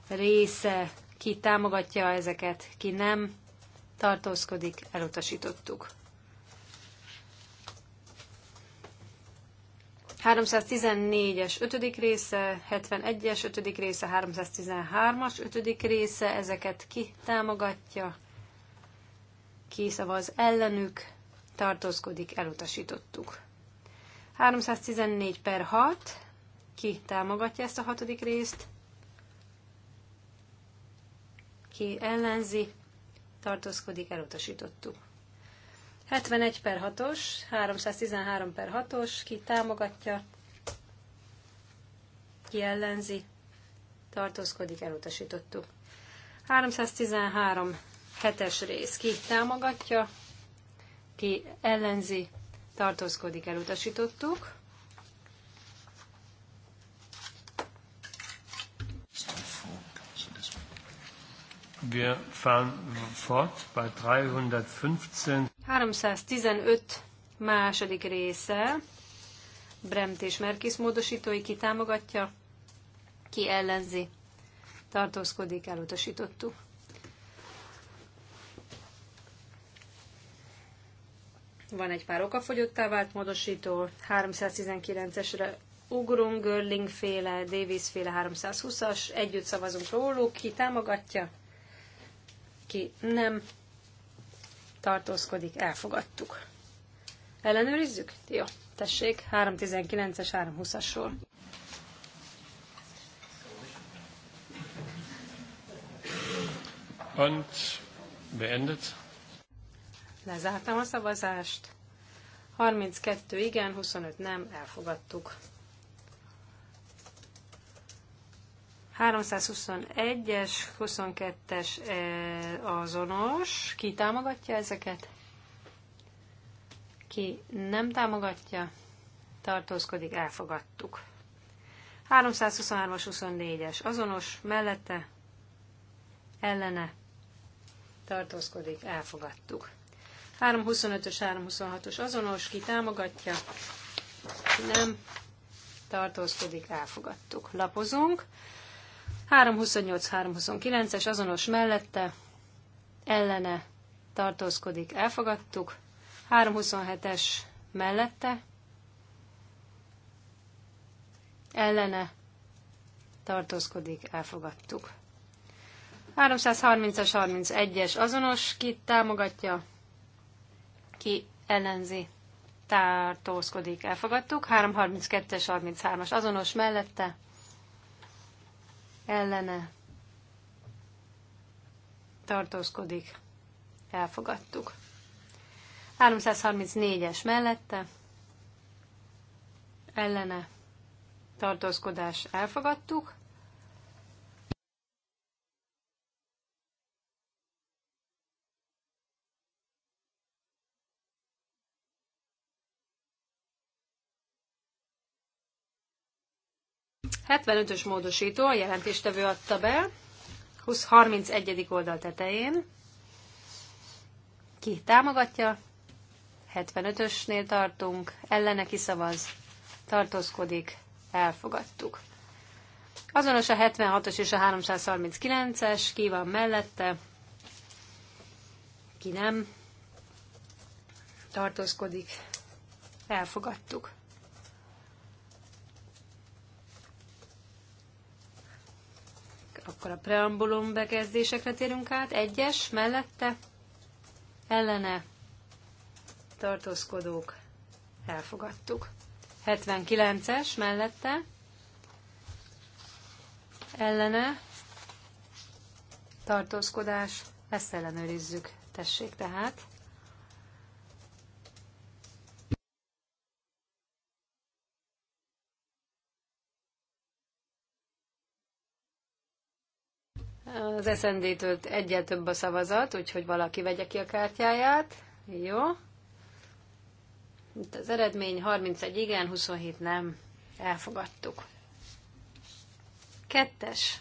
része, ki támogatja ezeket, ki nem, tartózkodik, elutasítottuk. 314-es ötödik része, 71-es ötödik része, 313-as ötödik része, ezeket ki támogatja, ki szavaz ellenük, tartózkodik, elutasítottuk. 314 per 6. Ki támogatja ezt a hatodik részt? Ki ellenzi? Tartózkodik, elutasítottuk. 71 per 6-os, 313 per 6-os, ki támogatja, ki ellenzi, tartózkodik, elutasítottuk. 313 hetes rész, ki támogatja, ki ellenzi, tartózkodik, elutasítottuk. Wir fahren fort bei 315. 315 második része. Bremt és Merkis módosítói ki támogatja, ki ellenzi. Tartózkodik, elutasítottuk. Van egy pár okafogyottá vált módosító, 319-esre ugrunk, Görling féle, Davis féle 320-as, együtt szavazunk róluk, ki támogatja, ki nem tartózkodik, elfogadtuk. Ellenőrizzük? Jó, tessék, 319-es, 320-asról. Und beendet. Lezártam a szavazást. 32 igen, 25 nem, elfogadtuk. 321-es, 22-es eh, azonos. Ki támogatja ezeket? Ki nem támogatja? Tartózkodik, elfogadtuk. 323-as, 24-es azonos, mellette, ellene, tartózkodik, elfogadtuk. 325-ös, 326-os azonos, ki támogatja, ki nem tartózkodik, elfogadtuk. Lapozunk. 328, 329-es azonos mellette, ellene tartózkodik, elfogadtuk. 327-es mellette, ellene tartózkodik, elfogadtuk. 330-as, 31-es azonos, ki támogatja, ki ellenzi, tartózkodik, elfogadtuk. 332-es, 33-as azonos mellette, ellene, tartózkodik, elfogadtuk. 334-es mellette, ellene, tartózkodás elfogadtuk. 75-ös módosító, a jelentéstevő adta be, 20 31. oldal tetején. Ki támogatja? 75-ösnél tartunk, ellene kiszavaz, tartózkodik, elfogadtuk. Azonos a 76-os és a 339-es, ki van mellette, ki nem, tartózkodik, elfogadtuk. akkor a preambulum bekezdésekre térünk át. Egyes, mellette, ellene, tartózkodók, elfogadtuk. 79-es, mellette, ellene, tartózkodás, ezt ellenőrizzük. Tessék tehát. Az SND-től egyel több a szavazat, úgyhogy valaki vegye ki a kártyáját. Jó. Itt az eredmény 31 igen, 27 nem. Elfogadtuk. Kettes.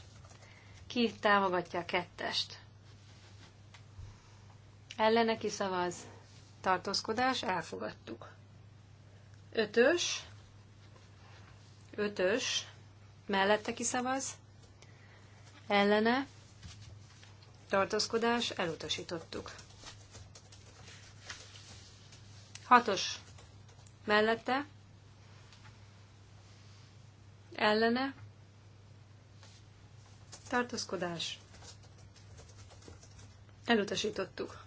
Ki támogatja a kettest? Ellene ki szavaz? Tartózkodás, elfogadtuk. Ötös. Ötös. Mellette ki szavaz? Ellene tartózkodás, elutasítottuk. Hatos mellette, ellene, tartózkodás, elutasítottuk.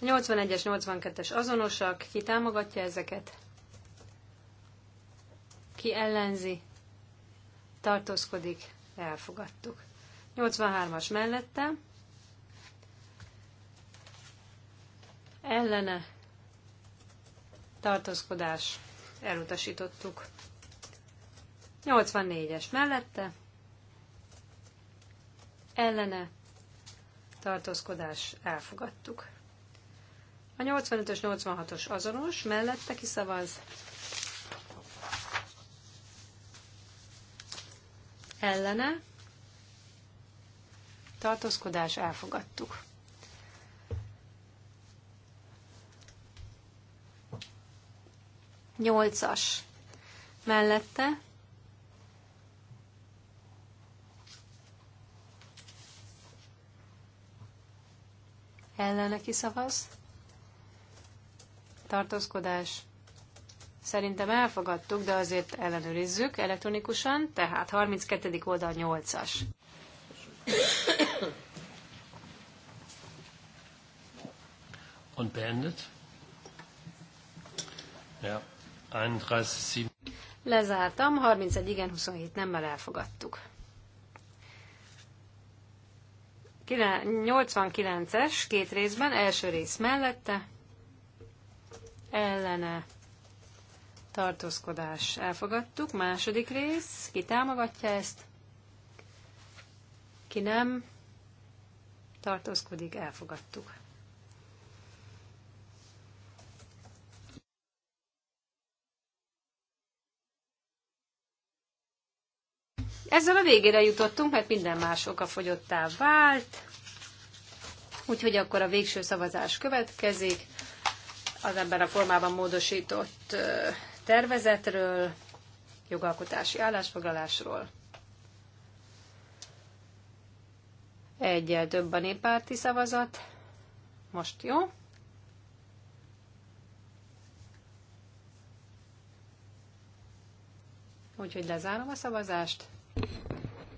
A 81-es, 82-es azonosak, ki támogatja ezeket? ki ellenzi, tartózkodik, elfogadtuk. 83-as mellette, ellene, tartózkodás, elutasítottuk. 84-es mellette, ellene, tartózkodás, elfogadtuk. A 85-ös, 86-os azonos, mellette kiszavaz, ellene, tartózkodás elfogadtuk. Nyolcas mellette, ellene kiszavaz, tartózkodás Szerintem elfogadtuk, de azért ellenőrizzük elektronikusan, tehát 32. oldal 8-as. Und beendet. Ja, 31. Lezártam, 31 igen, 27 nemmel elfogadtuk. 89-es, két részben, első rész mellette, ellene, tartózkodás elfogadtuk. Második rész, ki támogatja ezt, ki nem, tartózkodik, elfogadtuk. Ezzel a végére jutottunk, mert minden más oka fogyottá vált. Úgyhogy akkor a végső szavazás következik. Az ebben a formában módosított tervezetről, jogalkotási állásfoglalásról. Egyel több a néppárti szavazat. Most jó. Úgyhogy lezárom a szavazást.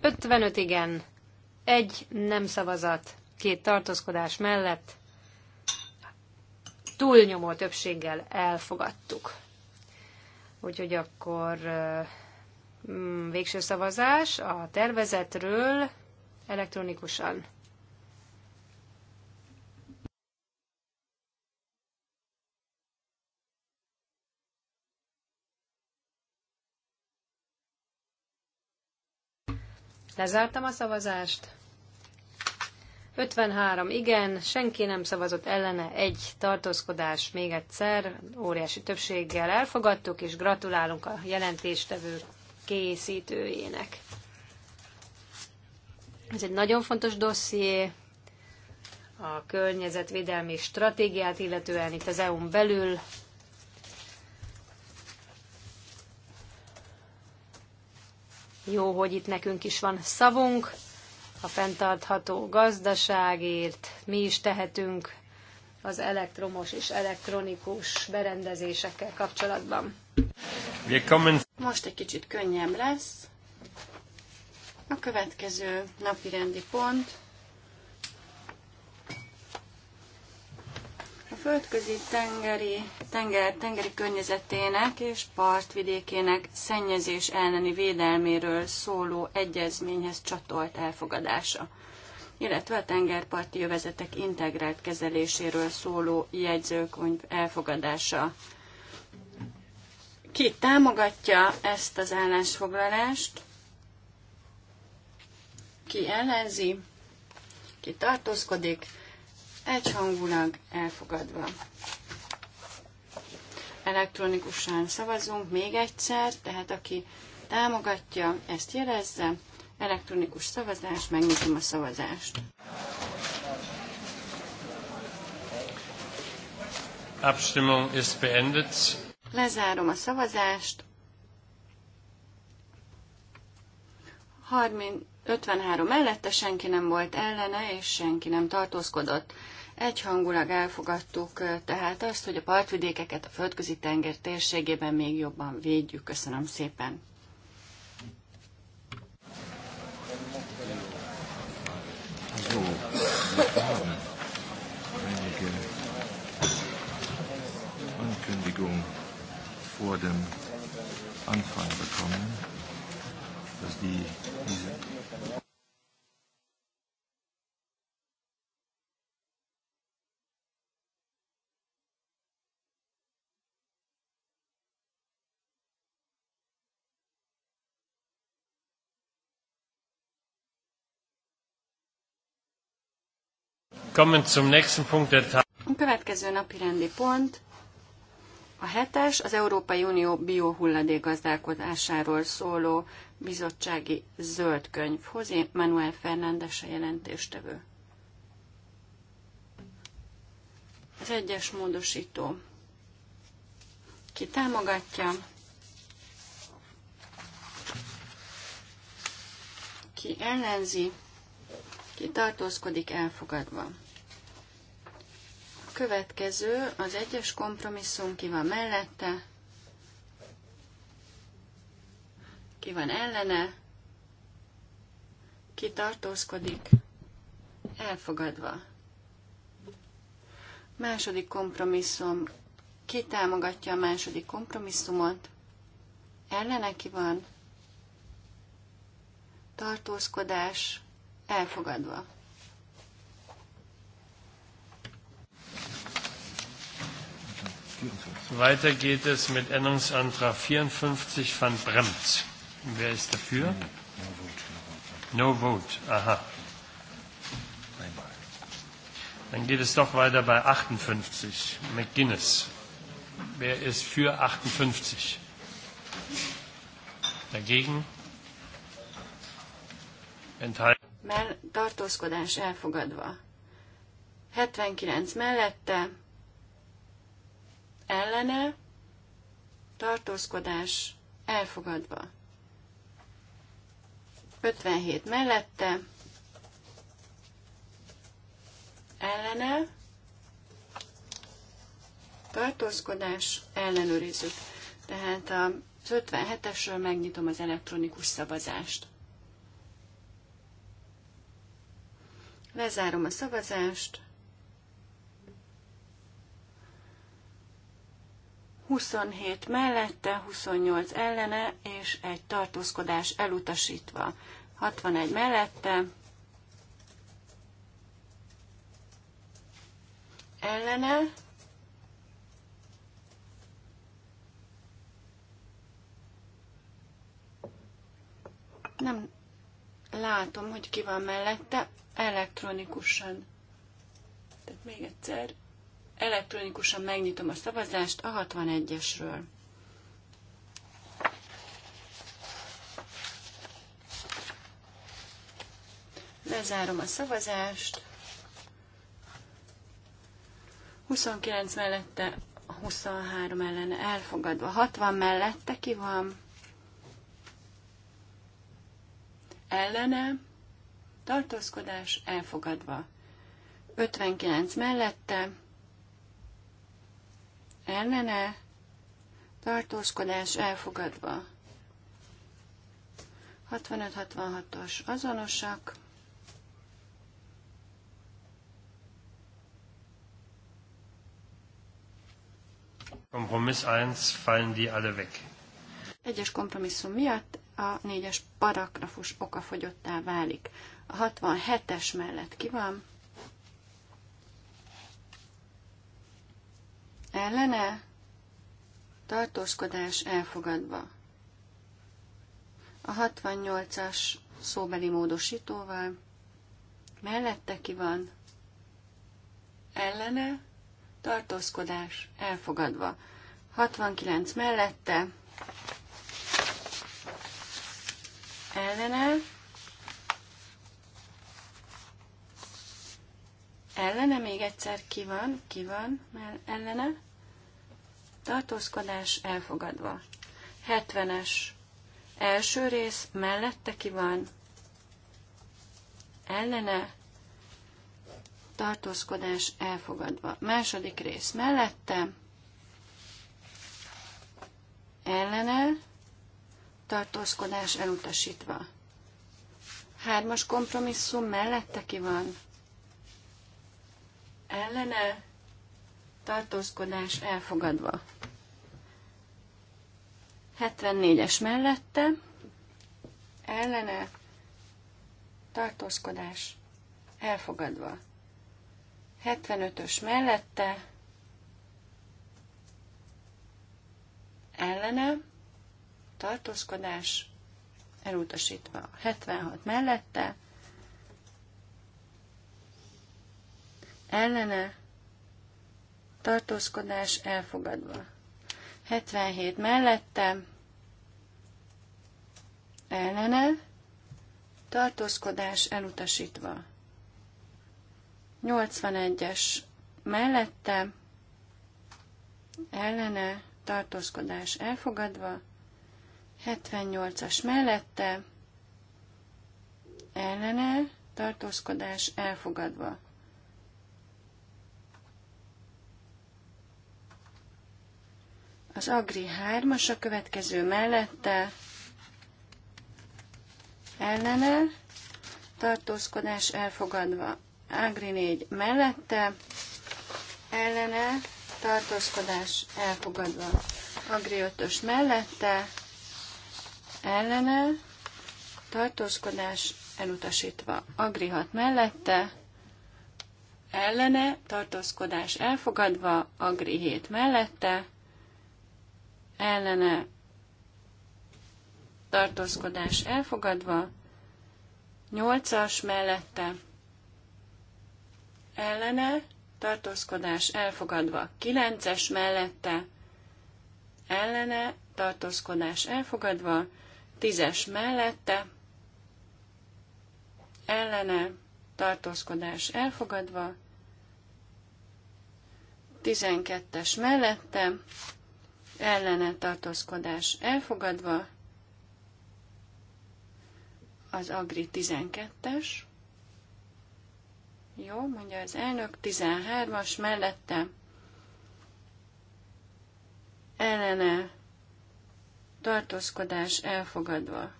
55 igen, egy nem szavazat, két tartózkodás mellett túlnyomó többséggel elfogadtuk. Úgyhogy akkor mm, végső szavazás a tervezetről elektronikusan. Lezártam a szavazást. 53 igen, senki nem szavazott ellene, egy tartózkodás még egyszer, óriási többséggel elfogadtuk, és gratulálunk a jelentéstevő készítőjének. Ez egy nagyon fontos dosszié, a környezetvédelmi stratégiát, illetően itt az EU-n belül. Jó, hogy itt nekünk is van szavunk a fenntartható gazdaságért, mi is tehetünk az elektromos és elektronikus berendezésekkel kapcsolatban. Most egy kicsit könnyebb lesz. A következő napi rendi pont földközi tengeri, tenger, tengeri környezetének és partvidékének szennyezés elleni védelméről szóló egyezményhez csatolt elfogadása, illetve a tengerparti jövezetek integrált kezeléséről szóló jegyzőkönyv elfogadása. Ki támogatja ezt az állásfoglalást? Ki ellenzi? Ki tartózkodik? egyhangulag elfogadva. Elektronikusan szavazunk még egyszer, tehát aki támogatja, ezt jelezze. Elektronikus szavazás, megnyitom a szavazást. Abstimmung ist beendet. Lezárom a szavazást. 30, 53 mellette senki nem volt ellene, és senki nem tartózkodott. Egyhangulag elfogadtuk tehát azt, hogy a partvidékeket a földközi tenger térségében még jobban védjük. Köszönöm szépen. Ankündigung vor dem Anfang bekommen, dass die, diese A következő napi rendi pont a hetes, az Európai Unió biohulladék gazdálkodásáról szóló bizottsági zöld könyv. Hozé Manuel Fernández a jelentéstevő. Az egyes módosító. Ki támogatja? Ki ellenzi? Ki tartózkodik elfogadva? következő, az egyes kompromisszum, ki van mellette, ki van ellene, ki tartózkodik, elfogadva. Második kompromisszum, ki támogatja a második kompromisszumot, ellene ki van, tartózkodás, elfogadva. Weiter geht es mit Änderungsantrag 54 von Bremt. Wer ist dafür? No vote. Aha. Dann geht es doch weiter bei 58. McGuinness. Wer ist für 58? Dagegen? Enthalten? Mell tartózkodás elfogadva. 79 mellette, ellene, tartózkodás elfogadva. 57 mellette, ellene, tartózkodás ellenőrizzük. Tehát a 57-esről megnyitom az elektronikus szavazást. Lezárom a szavazást, 27 mellette, 28 ellene és egy tartózkodás elutasítva. 61 mellette, ellene, nem látom, hogy ki van mellette, elektronikusan. Tehát még egyszer, Elektronikusan megnyitom a szavazást a 61-esről. Lezárom a szavazást. 29 mellette, 23 ellen elfogadva. 60 mellette ki van? Ellene. Tartózkodás elfogadva. 59 mellette ellene, tartózkodás elfogadva. 65-66-os azonosak. Kompromiss 1 fallen die alle weg. Egyes kompromisszum miatt a négyes paragrafus okafogyottá válik. A 67-es mellett ki van? ellene, tartózkodás elfogadva. A 68-as szóbeli módosítóval mellette ki van, ellene, tartózkodás elfogadva. 69 mellette, ellene, ellene, még egyszer ki van, ki van ellene, tartózkodás elfogadva. 70-es első rész, mellette ki van, ellene, tartózkodás elfogadva. Második rész, mellette, ellene, tartózkodás elutasítva. Hármas kompromisszum mellette ki van, ellene tartózkodás elfogadva. 74-es mellette ellene tartózkodás elfogadva. 75-ös mellette ellene tartózkodás elutasítva. 76 mellette ellene, tartózkodás elfogadva. 77 mellette, ellene, tartózkodás elutasítva. 81-es mellette, ellene, tartózkodás elfogadva. 78-as mellette, ellene, tartózkodás elfogadva. Az Agri 3-as a következő mellette ellene, tartózkodás elfogadva. Agri 4 mellette ellene, tartózkodás elfogadva. Agri 5-ös mellette ellene, tartózkodás elutasítva. Agri 6 mellette ellene, tartózkodás elfogadva, Agri 7 mellette, ellene tartózkodás elfogadva, 8-as mellette ellene tartózkodás elfogadva, 9-es mellette ellene tartózkodás elfogadva, 10-es mellette ellene tartózkodás elfogadva, 12-es mellette ellene tartózkodás elfogadva, az Agri 12-es, jó, mondja az elnök, 13-as mellette ellene tartózkodás elfogadva.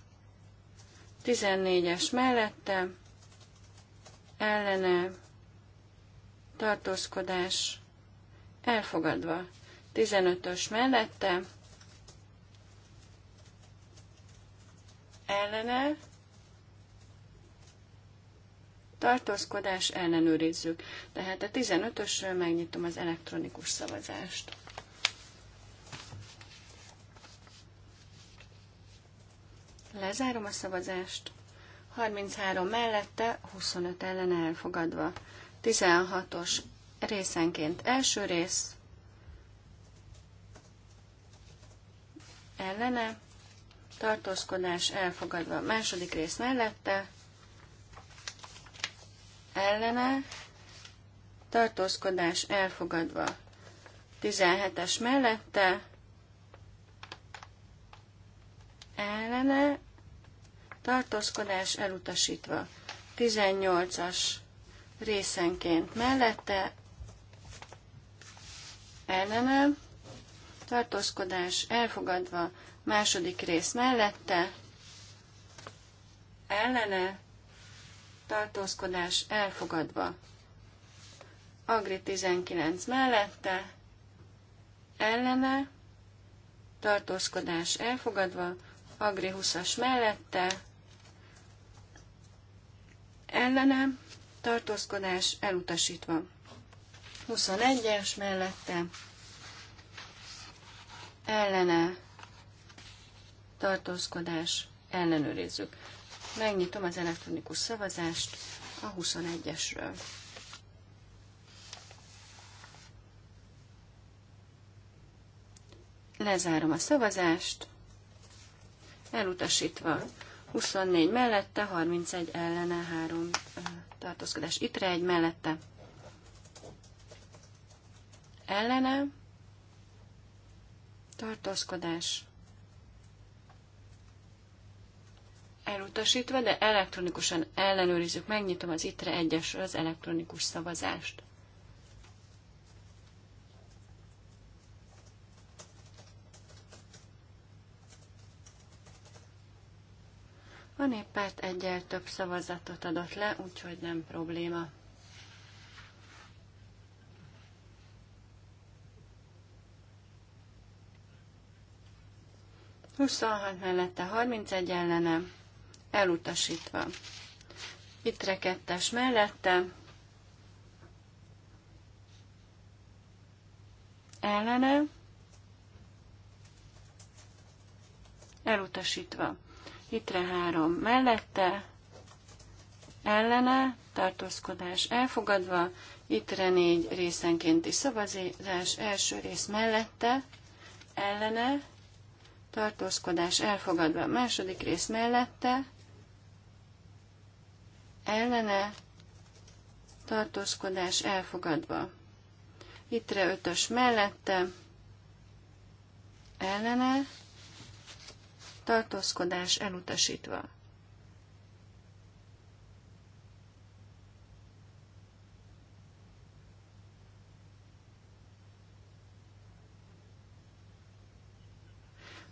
14-es mellette ellene tartózkodás elfogadva. 15-ös mellette ellene tartózkodás ellenőrizzük. Tehát a 15-ösről megnyitom az elektronikus szavazást. Lezárom a szavazást. 33 mellette, 25 ellen elfogadva. 16-os részenként első rész ellene, tartózkodás elfogadva a második rész mellette, ellene, tartózkodás elfogadva 17-es mellette, ellene, tartózkodás elutasítva 18-as részenként mellette, ellene, tartózkodás elfogadva, második rész mellette, ellene, tartózkodás elfogadva. Agri 19 mellette, ellene, tartózkodás elfogadva, Agri 20-as mellette, ellene, tartózkodás elutasítva. 21-es mellette, ellene tartózkodás ellenőrizzük. Megnyitom az elektronikus szavazást a 21-esről. Lezárom a szavazást, elutasítva 24 mellette, 31 ellene, 3 tartózkodás itre, egy mellette ellene, tartózkodás elutasítva, de elektronikusan ellenőrizzük, megnyitom az ITRE egyesről az elektronikus szavazást. A néppárt egyel több szavazatot adott le, úgyhogy nem probléma. 26 mellette 31 ellene elutasítva. Itt rekettes mellette ellene elutasítva. re 3 mellette ellene tartózkodás elfogadva. re 4 részenkénti szavazás első rész mellette ellene tartózkodás elfogadva a második rész mellette, ellene, tartózkodás elfogadva. Ittre ötös mellette, ellene, tartózkodás elutasítva.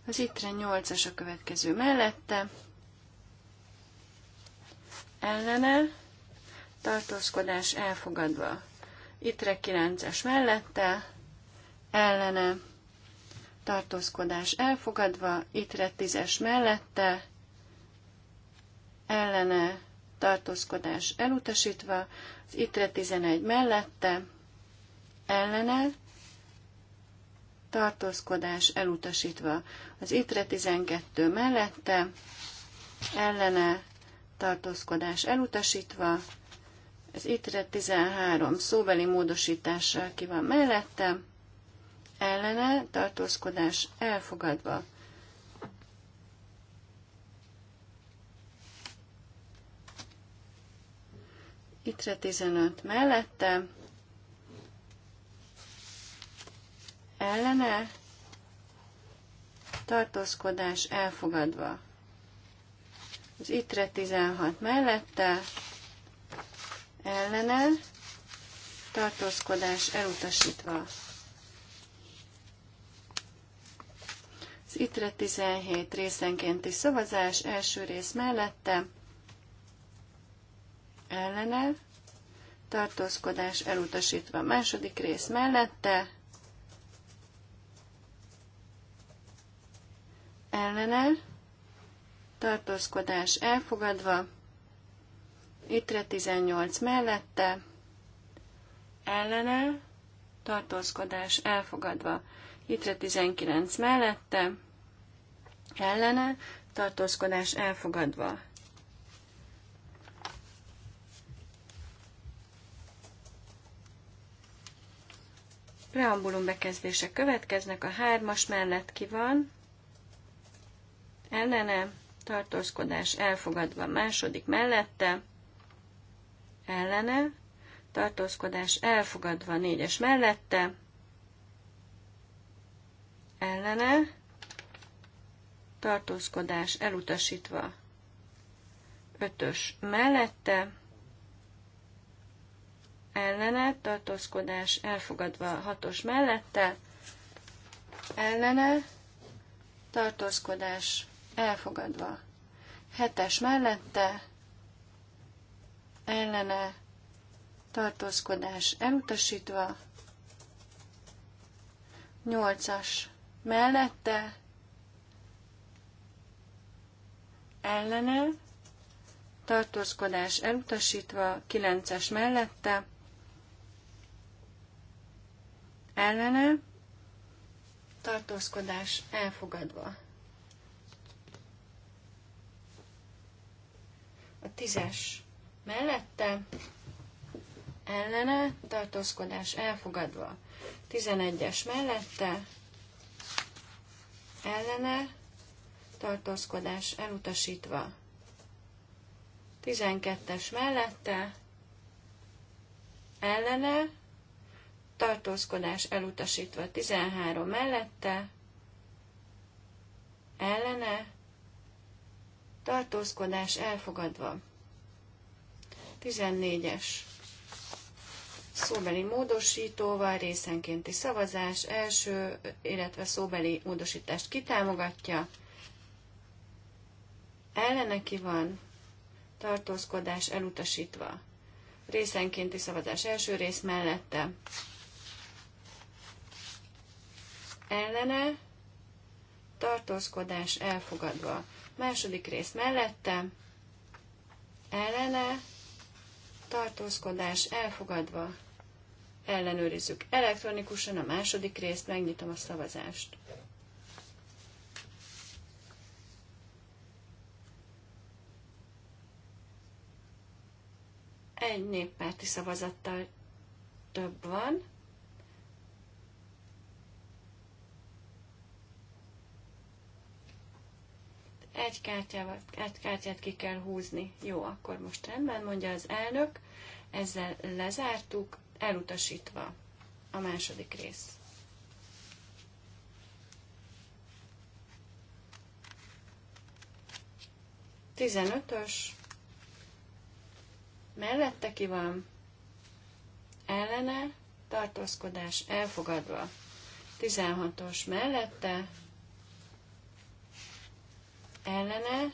Az itre 8-as a következő mellette. Ellene. Tartózkodás elfogadva. Itre 9-es mellette. Ellene. Tartózkodás elfogadva. Itre 10-es mellette. Ellene. Tartózkodás elutasítva. Az itre 11 mellette. Ellene tartózkodás elutasítva. Az ITRE 12 mellette, ellene tartózkodás elutasítva, az ITRE 13 szóbeli módosítással ki van mellette, ellene tartózkodás elfogadva. ITRE 15 mellette, ellene, tartózkodás elfogadva. Az ittre 16 mellette, ellene, tartózkodás elutasítva. Az ittre 17 részenkénti szavazás első rész mellette, ellene, tartózkodás elutasítva. Második rész mellette, ellene, tartózkodás elfogadva, ittre 18 mellette, ellene, tartózkodás elfogadva, ittre 19 mellette, ellene, tartózkodás elfogadva. Preambulum bekezdése következnek, a hármas mellett ki van, ellene, tartózkodás elfogadva második mellette, ellene, tartózkodás elfogadva négyes mellette, ellene, tartózkodás elutasítva ötös mellette, ellene, tartózkodás elfogadva hatos mellette, ellene, tartózkodás elfogadva. Hetes mellette ellene tartózkodás elutasítva. Nyolcas mellette ellene tartózkodás elutasítva. Kilences mellette ellene tartózkodás elfogadva. A tízes mellette ellene tartózkodás elfogadva. 11-es mellette ellene tartózkodás elutasítva. 12-es mellette ellene tartózkodás elutasítva. 13 mellette ellene tartózkodás elfogadva. 14-es szóbeli módosítóval részenkénti szavazás, első, illetve szóbeli módosítást kitámogatja, ellene ki van, tartózkodás elutasítva. Részenkénti szavazás első rész mellette. Ellene, tartózkodás elfogadva. Második rész mellette, ellene, tartózkodás elfogadva, ellenőrizzük elektronikusan a második részt, megnyitom a szavazást. Egy néppárti szavazattal több van. Egy, kártyával, egy kártyát ki kell húzni. Jó, akkor most rendben, mondja az elnök. Ezzel lezártuk, elutasítva a második rész. Tizenötös. Mellette ki van? Ellene, tartózkodás elfogadva. 16-os mellette, ellene,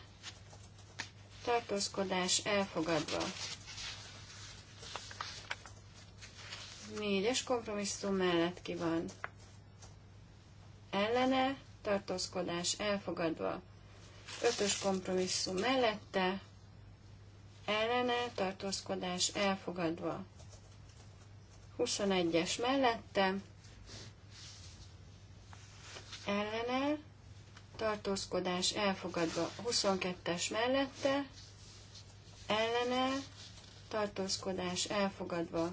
tartózkodás elfogadva. Négyes kompromisszum mellett ki van. Ellene, tartózkodás elfogadva. Ötös kompromisszum mellette, ellene, tartózkodás elfogadva. 21-es mellette, ellene, tartózkodás elfogadva 22-es mellette, ellene, tartózkodás elfogadva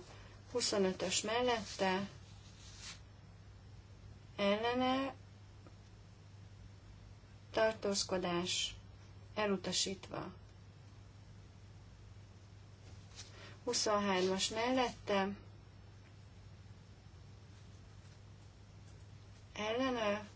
25-ös mellette, ellene, tartózkodás elutasítva 23-as mellette, ellene,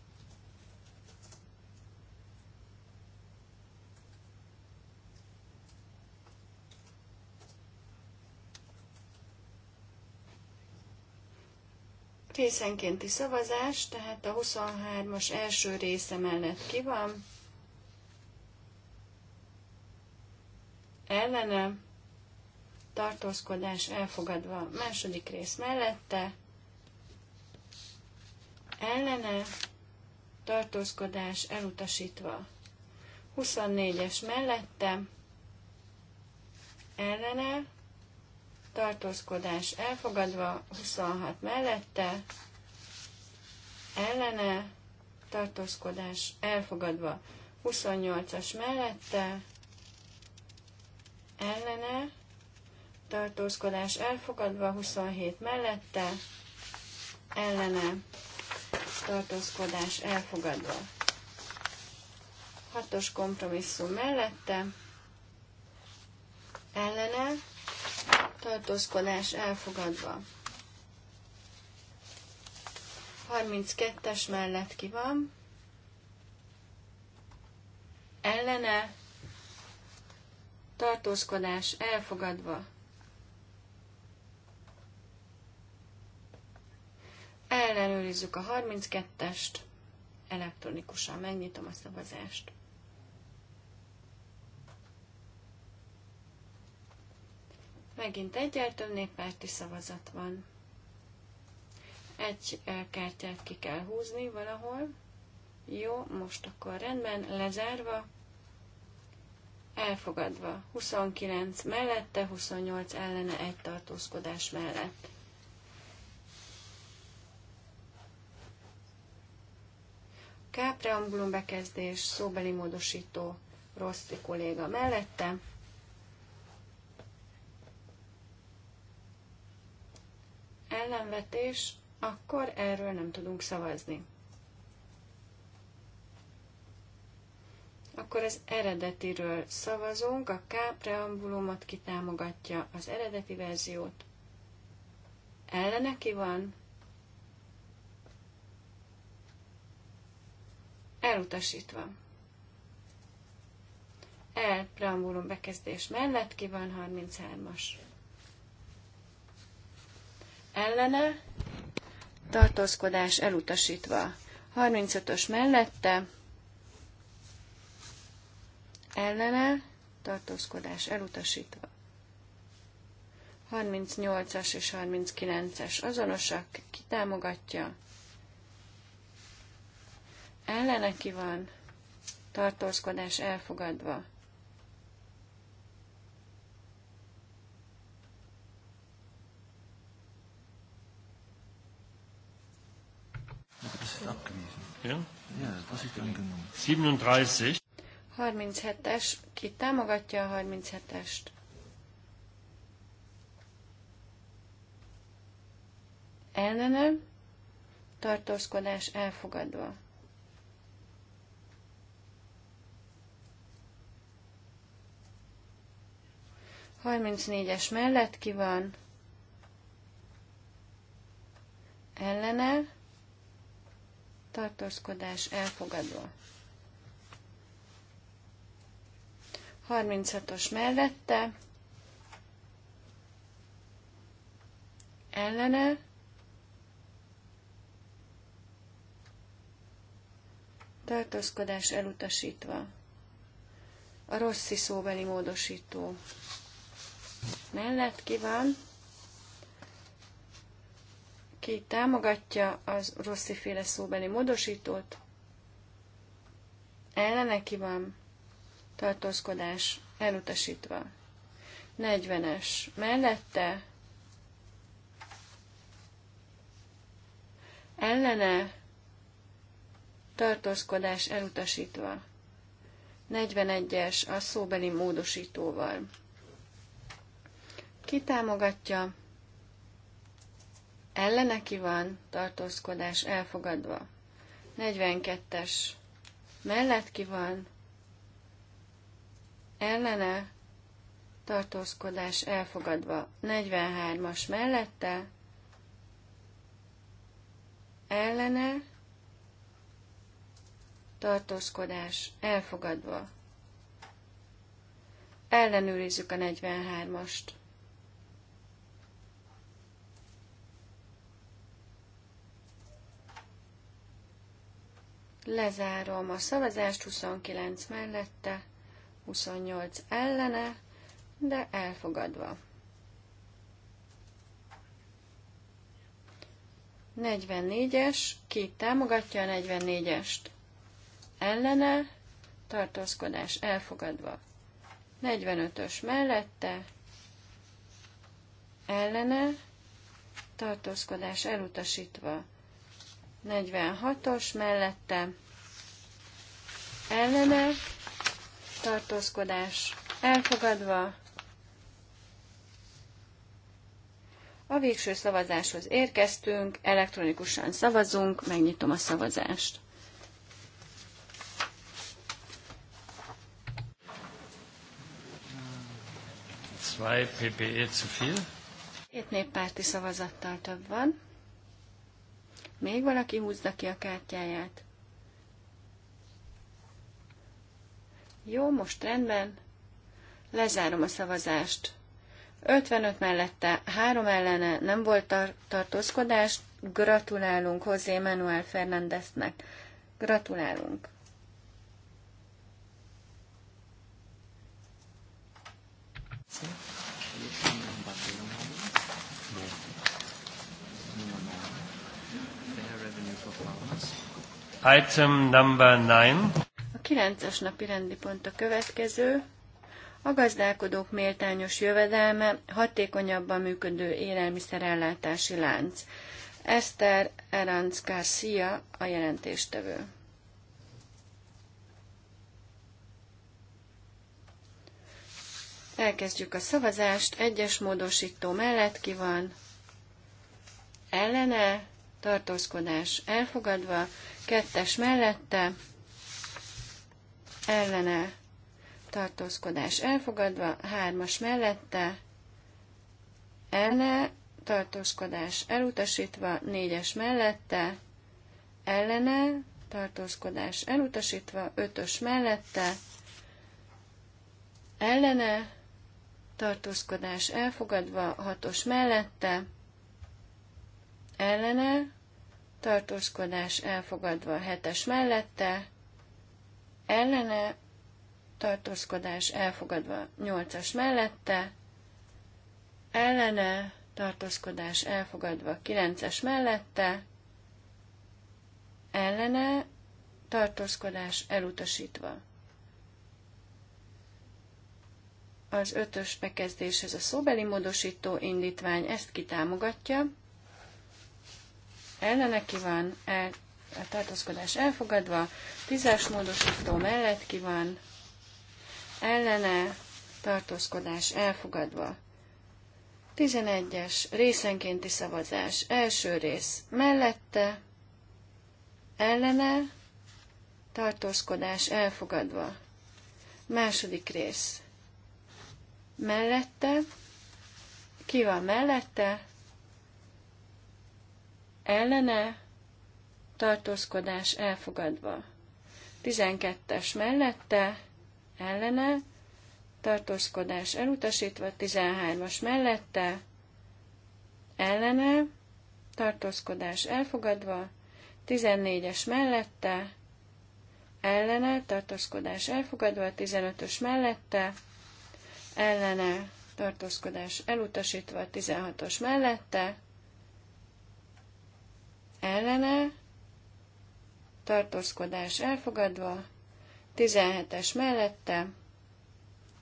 Részenkénti szavazás, tehát a 23-as első része mellett ki van. Ellene, tartózkodás elfogadva, második rész mellette. Ellene, tartózkodás elutasítva. 24-es mellette, ellene, tartózkodás elfogadva, 26 mellette, ellene, tartózkodás elfogadva, 28-as mellette, ellene, tartózkodás elfogadva, 27 mellette, ellene, tartózkodás elfogadva. 6-os kompromisszum mellette, ellene, tartózkodás elfogadva. 32-es mellett ki van, ellene, tartózkodás elfogadva. Ellenőrizzük a 32-est, elektronikusan megnyitom a szavazást. Megint egyel több néppárti szavazat van. Egy eh, kártyát ki kell húzni valahol. Jó, most akkor rendben, lezárva, elfogadva. 29 mellette, 28 ellene egy tartózkodás mellett. K. Preambulum bekezdés, szóbeli módosító, rossz kolléga mellette. ellenvetés, akkor erről nem tudunk szavazni. Akkor az eredetiről szavazunk, a K preambulumot kitámogatja az eredeti verziót. Ellene ki van? Elutasítva. El preambulum bekezdés mellett ki van 33-as ellene, tartózkodás elutasítva. 35-ös mellette, ellene, tartózkodás elutasítva. 38-as és 39-es azonosak, ki támogatja, ellene ki van, tartózkodás elfogadva. 37. 37-es. Ki támogatja a 37-est? Ellene. Tartózkodás elfogadva. négyes mellett ki van? Ellene tartózkodás elfogadva. 36-os mellette, ellene, tartózkodás elutasítva. A rossz szóbeli módosító mellett ki van, aki támogatja az rosszi féle szóbeli módosítót? Ellene ki van? Tartózkodás elutasítva. 40-es mellette? Ellene? Tartózkodás elutasítva. 41-es a szóbeli módosítóval. Ki támogatja? ellene ki van, tartózkodás elfogadva. 42-es mellett ki van, ellene, tartózkodás elfogadva. 43-as mellette, ellene, tartózkodás elfogadva. Ellenőrizzük a 43-ast. Lezárom a szavazást 29 mellette, 28 ellene, de elfogadva. 44-es, ki támogatja a 44-est? Ellene, tartózkodás elfogadva. 45-ös mellette, ellene, tartózkodás elutasítva. 46-os mellette ellene tartózkodás elfogadva. A végső szavazáshoz érkeztünk, elektronikusan szavazunk, megnyitom a szavazást. Zwei PPE zu viel. Két néppárti szavazattal több van. Még valaki húzza ki a kártyáját. Jó, most rendben. Lezárom a szavazást. 55 mellette, 3 ellene nem volt tar- tartózkodás. Gratulálunk José Manuel Fernandeznek. Gratulálunk. Köszönöm. Item number nine. A kilences napi rendi pont a következő. A gazdálkodók méltányos jövedelme, hatékonyabban működő élelmiszerellátási lánc. Eszter Eranc Garcia a jelentéstevő. Elkezdjük a szavazást. Egyes módosító mellett ki van? Ellene? tartózkodás elfogadva, kettes mellette, ellene tartózkodás elfogadva, hármas mellette, ellene tartózkodás elutasítva, négyes mellette, ellene tartózkodás elutasítva, ötös mellette, ellene tartózkodás elfogadva, hatos mellette, ellene tartózkodás elfogadva hetes mellette, ellene tartózkodás elfogadva nyolcas mellette, ellene tartózkodás elfogadva kilences mellette, ellene tartózkodás elutasítva. Az ötös bekezdéshez a szóbeli módosító indítvány ezt kitámogatja, ellene kíván, van, el, a tartózkodás elfogadva, tízes módosító mellett kíván, ellene tartózkodás elfogadva. 11-es részenkénti szavazás első rész mellette, ellene tartózkodás elfogadva. Második rész mellette, ki van mellette, ellene, tartózkodás elfogadva. 12-es mellette, ellene, tartózkodás elutasítva, 13-as mellette, ellene, tartózkodás elfogadva, 14-es mellette, ellene, tartózkodás elfogadva, 15-ös mellette, ellene, tartózkodás elutasítva, 16-os mellette, ellene, tartózkodás elfogadva, 17-es mellette,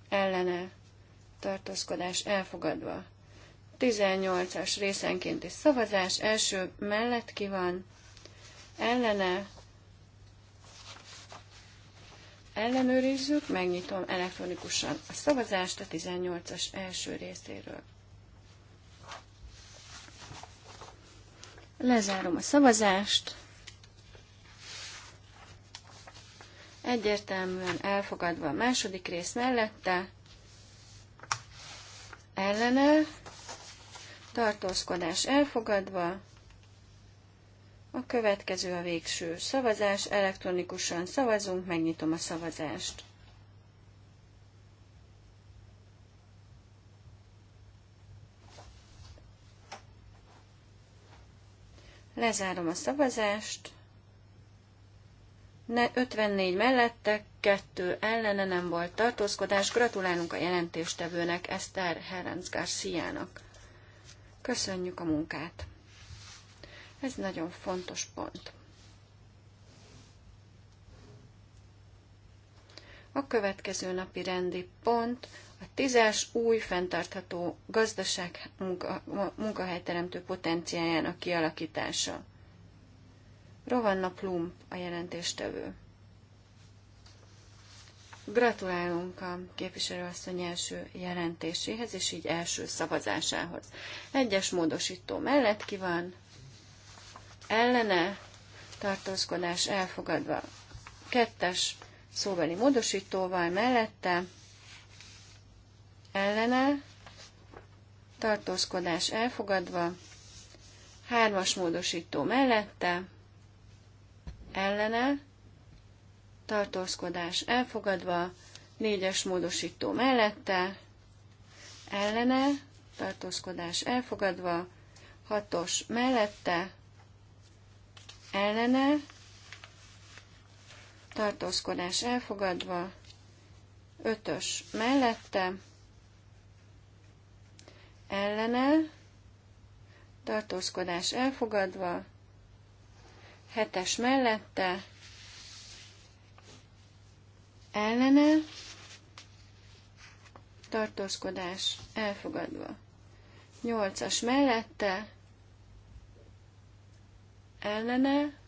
ellene, tartózkodás elfogadva. 18-as részenkénti szavazás első mellett ki van, ellene, ellenőrizzük, megnyitom elektronikusan a szavazást a 18-as első részéről. Lezárom a szavazást. Egyértelműen elfogadva a második rész mellette, ellene, tartózkodás elfogadva, a következő a végső szavazás, elektronikusan szavazunk, megnyitom a szavazást. Lezárom a szavazást. Ne, 54 mellette, 2 ellene nem volt tartózkodás. Gratulálunk a jelentéstevőnek, Eszter Herenc Garciának. Köszönjük a munkát. Ez nagyon fontos pont. A következő napi rendi pont a tízes új fenntartható gazdaság munka, munkahelyteremtő potenciájának kialakítása. Rovanna Plum a jelentéstevő. Gratulálunk a képviselőasszony első jelentéséhez, és így első szavazásához. Egyes módosító mellett ki van, ellene, tartózkodás elfogadva. Kettes szóbeli módosítóval mellette, ellene, tartózkodás elfogadva, hármas módosító mellette, ellene, tartózkodás elfogadva, négyes módosító mellette, ellene, tartózkodás elfogadva, hatos mellette, ellene, tartózkodás elfogadva, ötös mellette, ellene, tartózkodás elfogadva, hetes mellette, ellene, tartózkodás elfogadva, nyolcas mellette, ellene,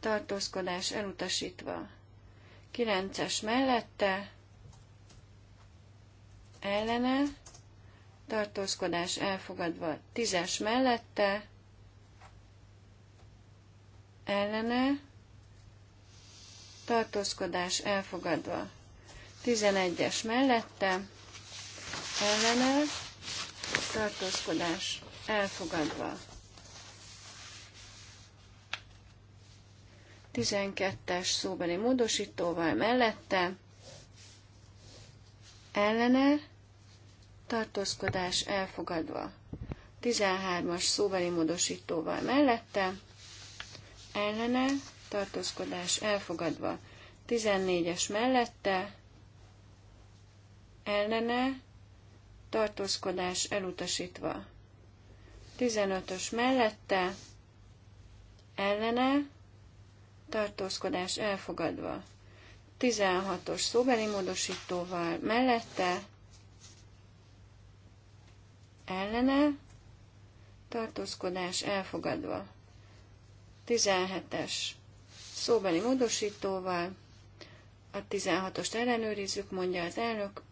tartózkodás elutasítva, kilences mellette, ellene, tartózkodás elfogadva tízes mellette, ellene, tartózkodás elfogadva tizenegyes mellette, ellene, tartózkodás elfogadva. 12-es szóbeli módosítóval mellette, ellene, tartózkodás elfogadva. 13-as szóbeli módosítóval mellette, ellene, tartózkodás elfogadva. 14-es mellette, ellene, tartózkodás elutasítva. 15-ös mellette, ellene, tartózkodás elfogadva. 16-os szóbeli módosítóval mellette, ellene, tartózkodás elfogadva. 17-es szóbeli módosítóval, a 16-ost ellenőrizzük, mondja az elnök,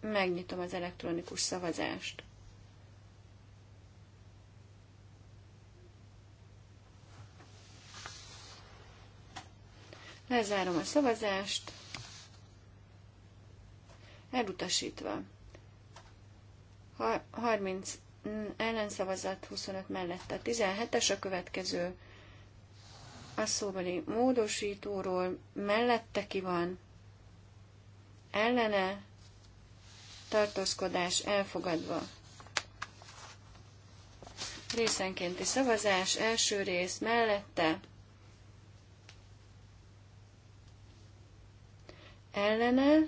megnyitom az elektronikus szavazást. Lezárom a szavazást, elutasítva. 30 ellenszavazat, 25 mellette. A 17-es a következő a szóbeli módosítóról mellette ki van, ellene tartózkodás elfogadva. Részenkénti szavazás, első rész mellette, ellene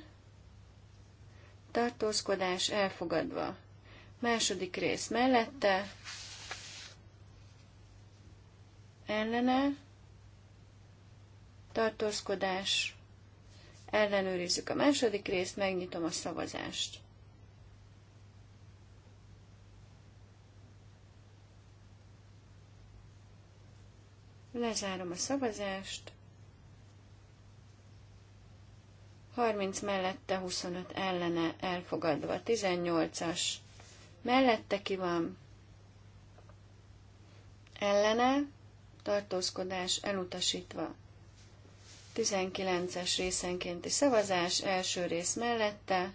tartózkodás elfogadva. Második rész mellette, ellene, tartózkodás, ellenőrizzük a második részt, megnyitom a szavazást. Lezárom a szavazást. 30 mellette, 25 ellene elfogadva. 18-as mellette ki van, ellene, tartózkodás elutasítva. 19-es részenkénti szavazás, első rész mellette,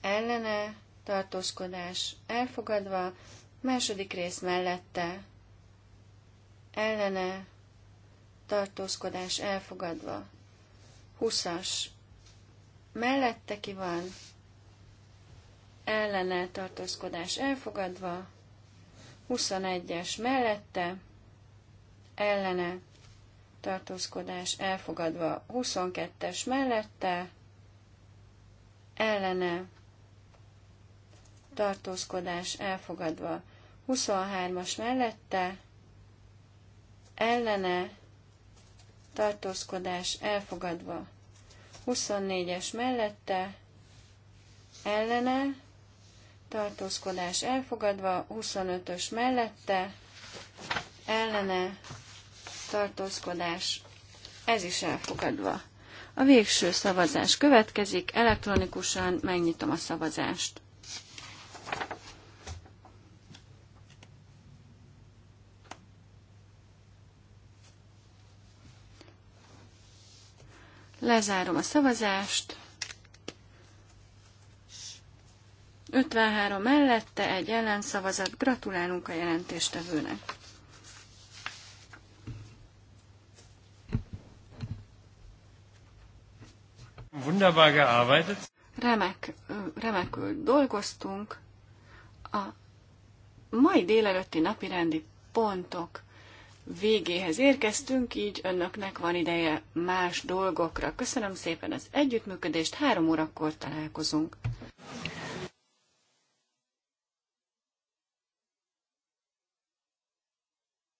ellene, tartózkodás elfogadva, második rész mellette, ellene, tartózkodás elfogadva. 20-as mellette ki van, ellene tartózkodás elfogadva, 21-es mellette, ellene tartózkodás elfogadva, 22-es mellette, ellene tartózkodás elfogadva, 23-as mellette, ellene tartózkodás elfogadva, 24-es mellette, ellene tartózkodás elfogadva, 25-ös mellette, ellene, tartózkodás, ez is elfogadva. A végső szavazás következik, elektronikusan megnyitom a szavazást. Lezárom a szavazást. 53 mellette, egy ellenszavazat. Gratulálunk a jelentéstevőnek. Wunderbar gearbeitet. Remek, remekül dolgoztunk. A mai délelőtti napirendi pontok végéhez érkeztünk, így önöknek van ideje más dolgokra. Köszönöm szépen az együttműködést, három órakor találkozunk.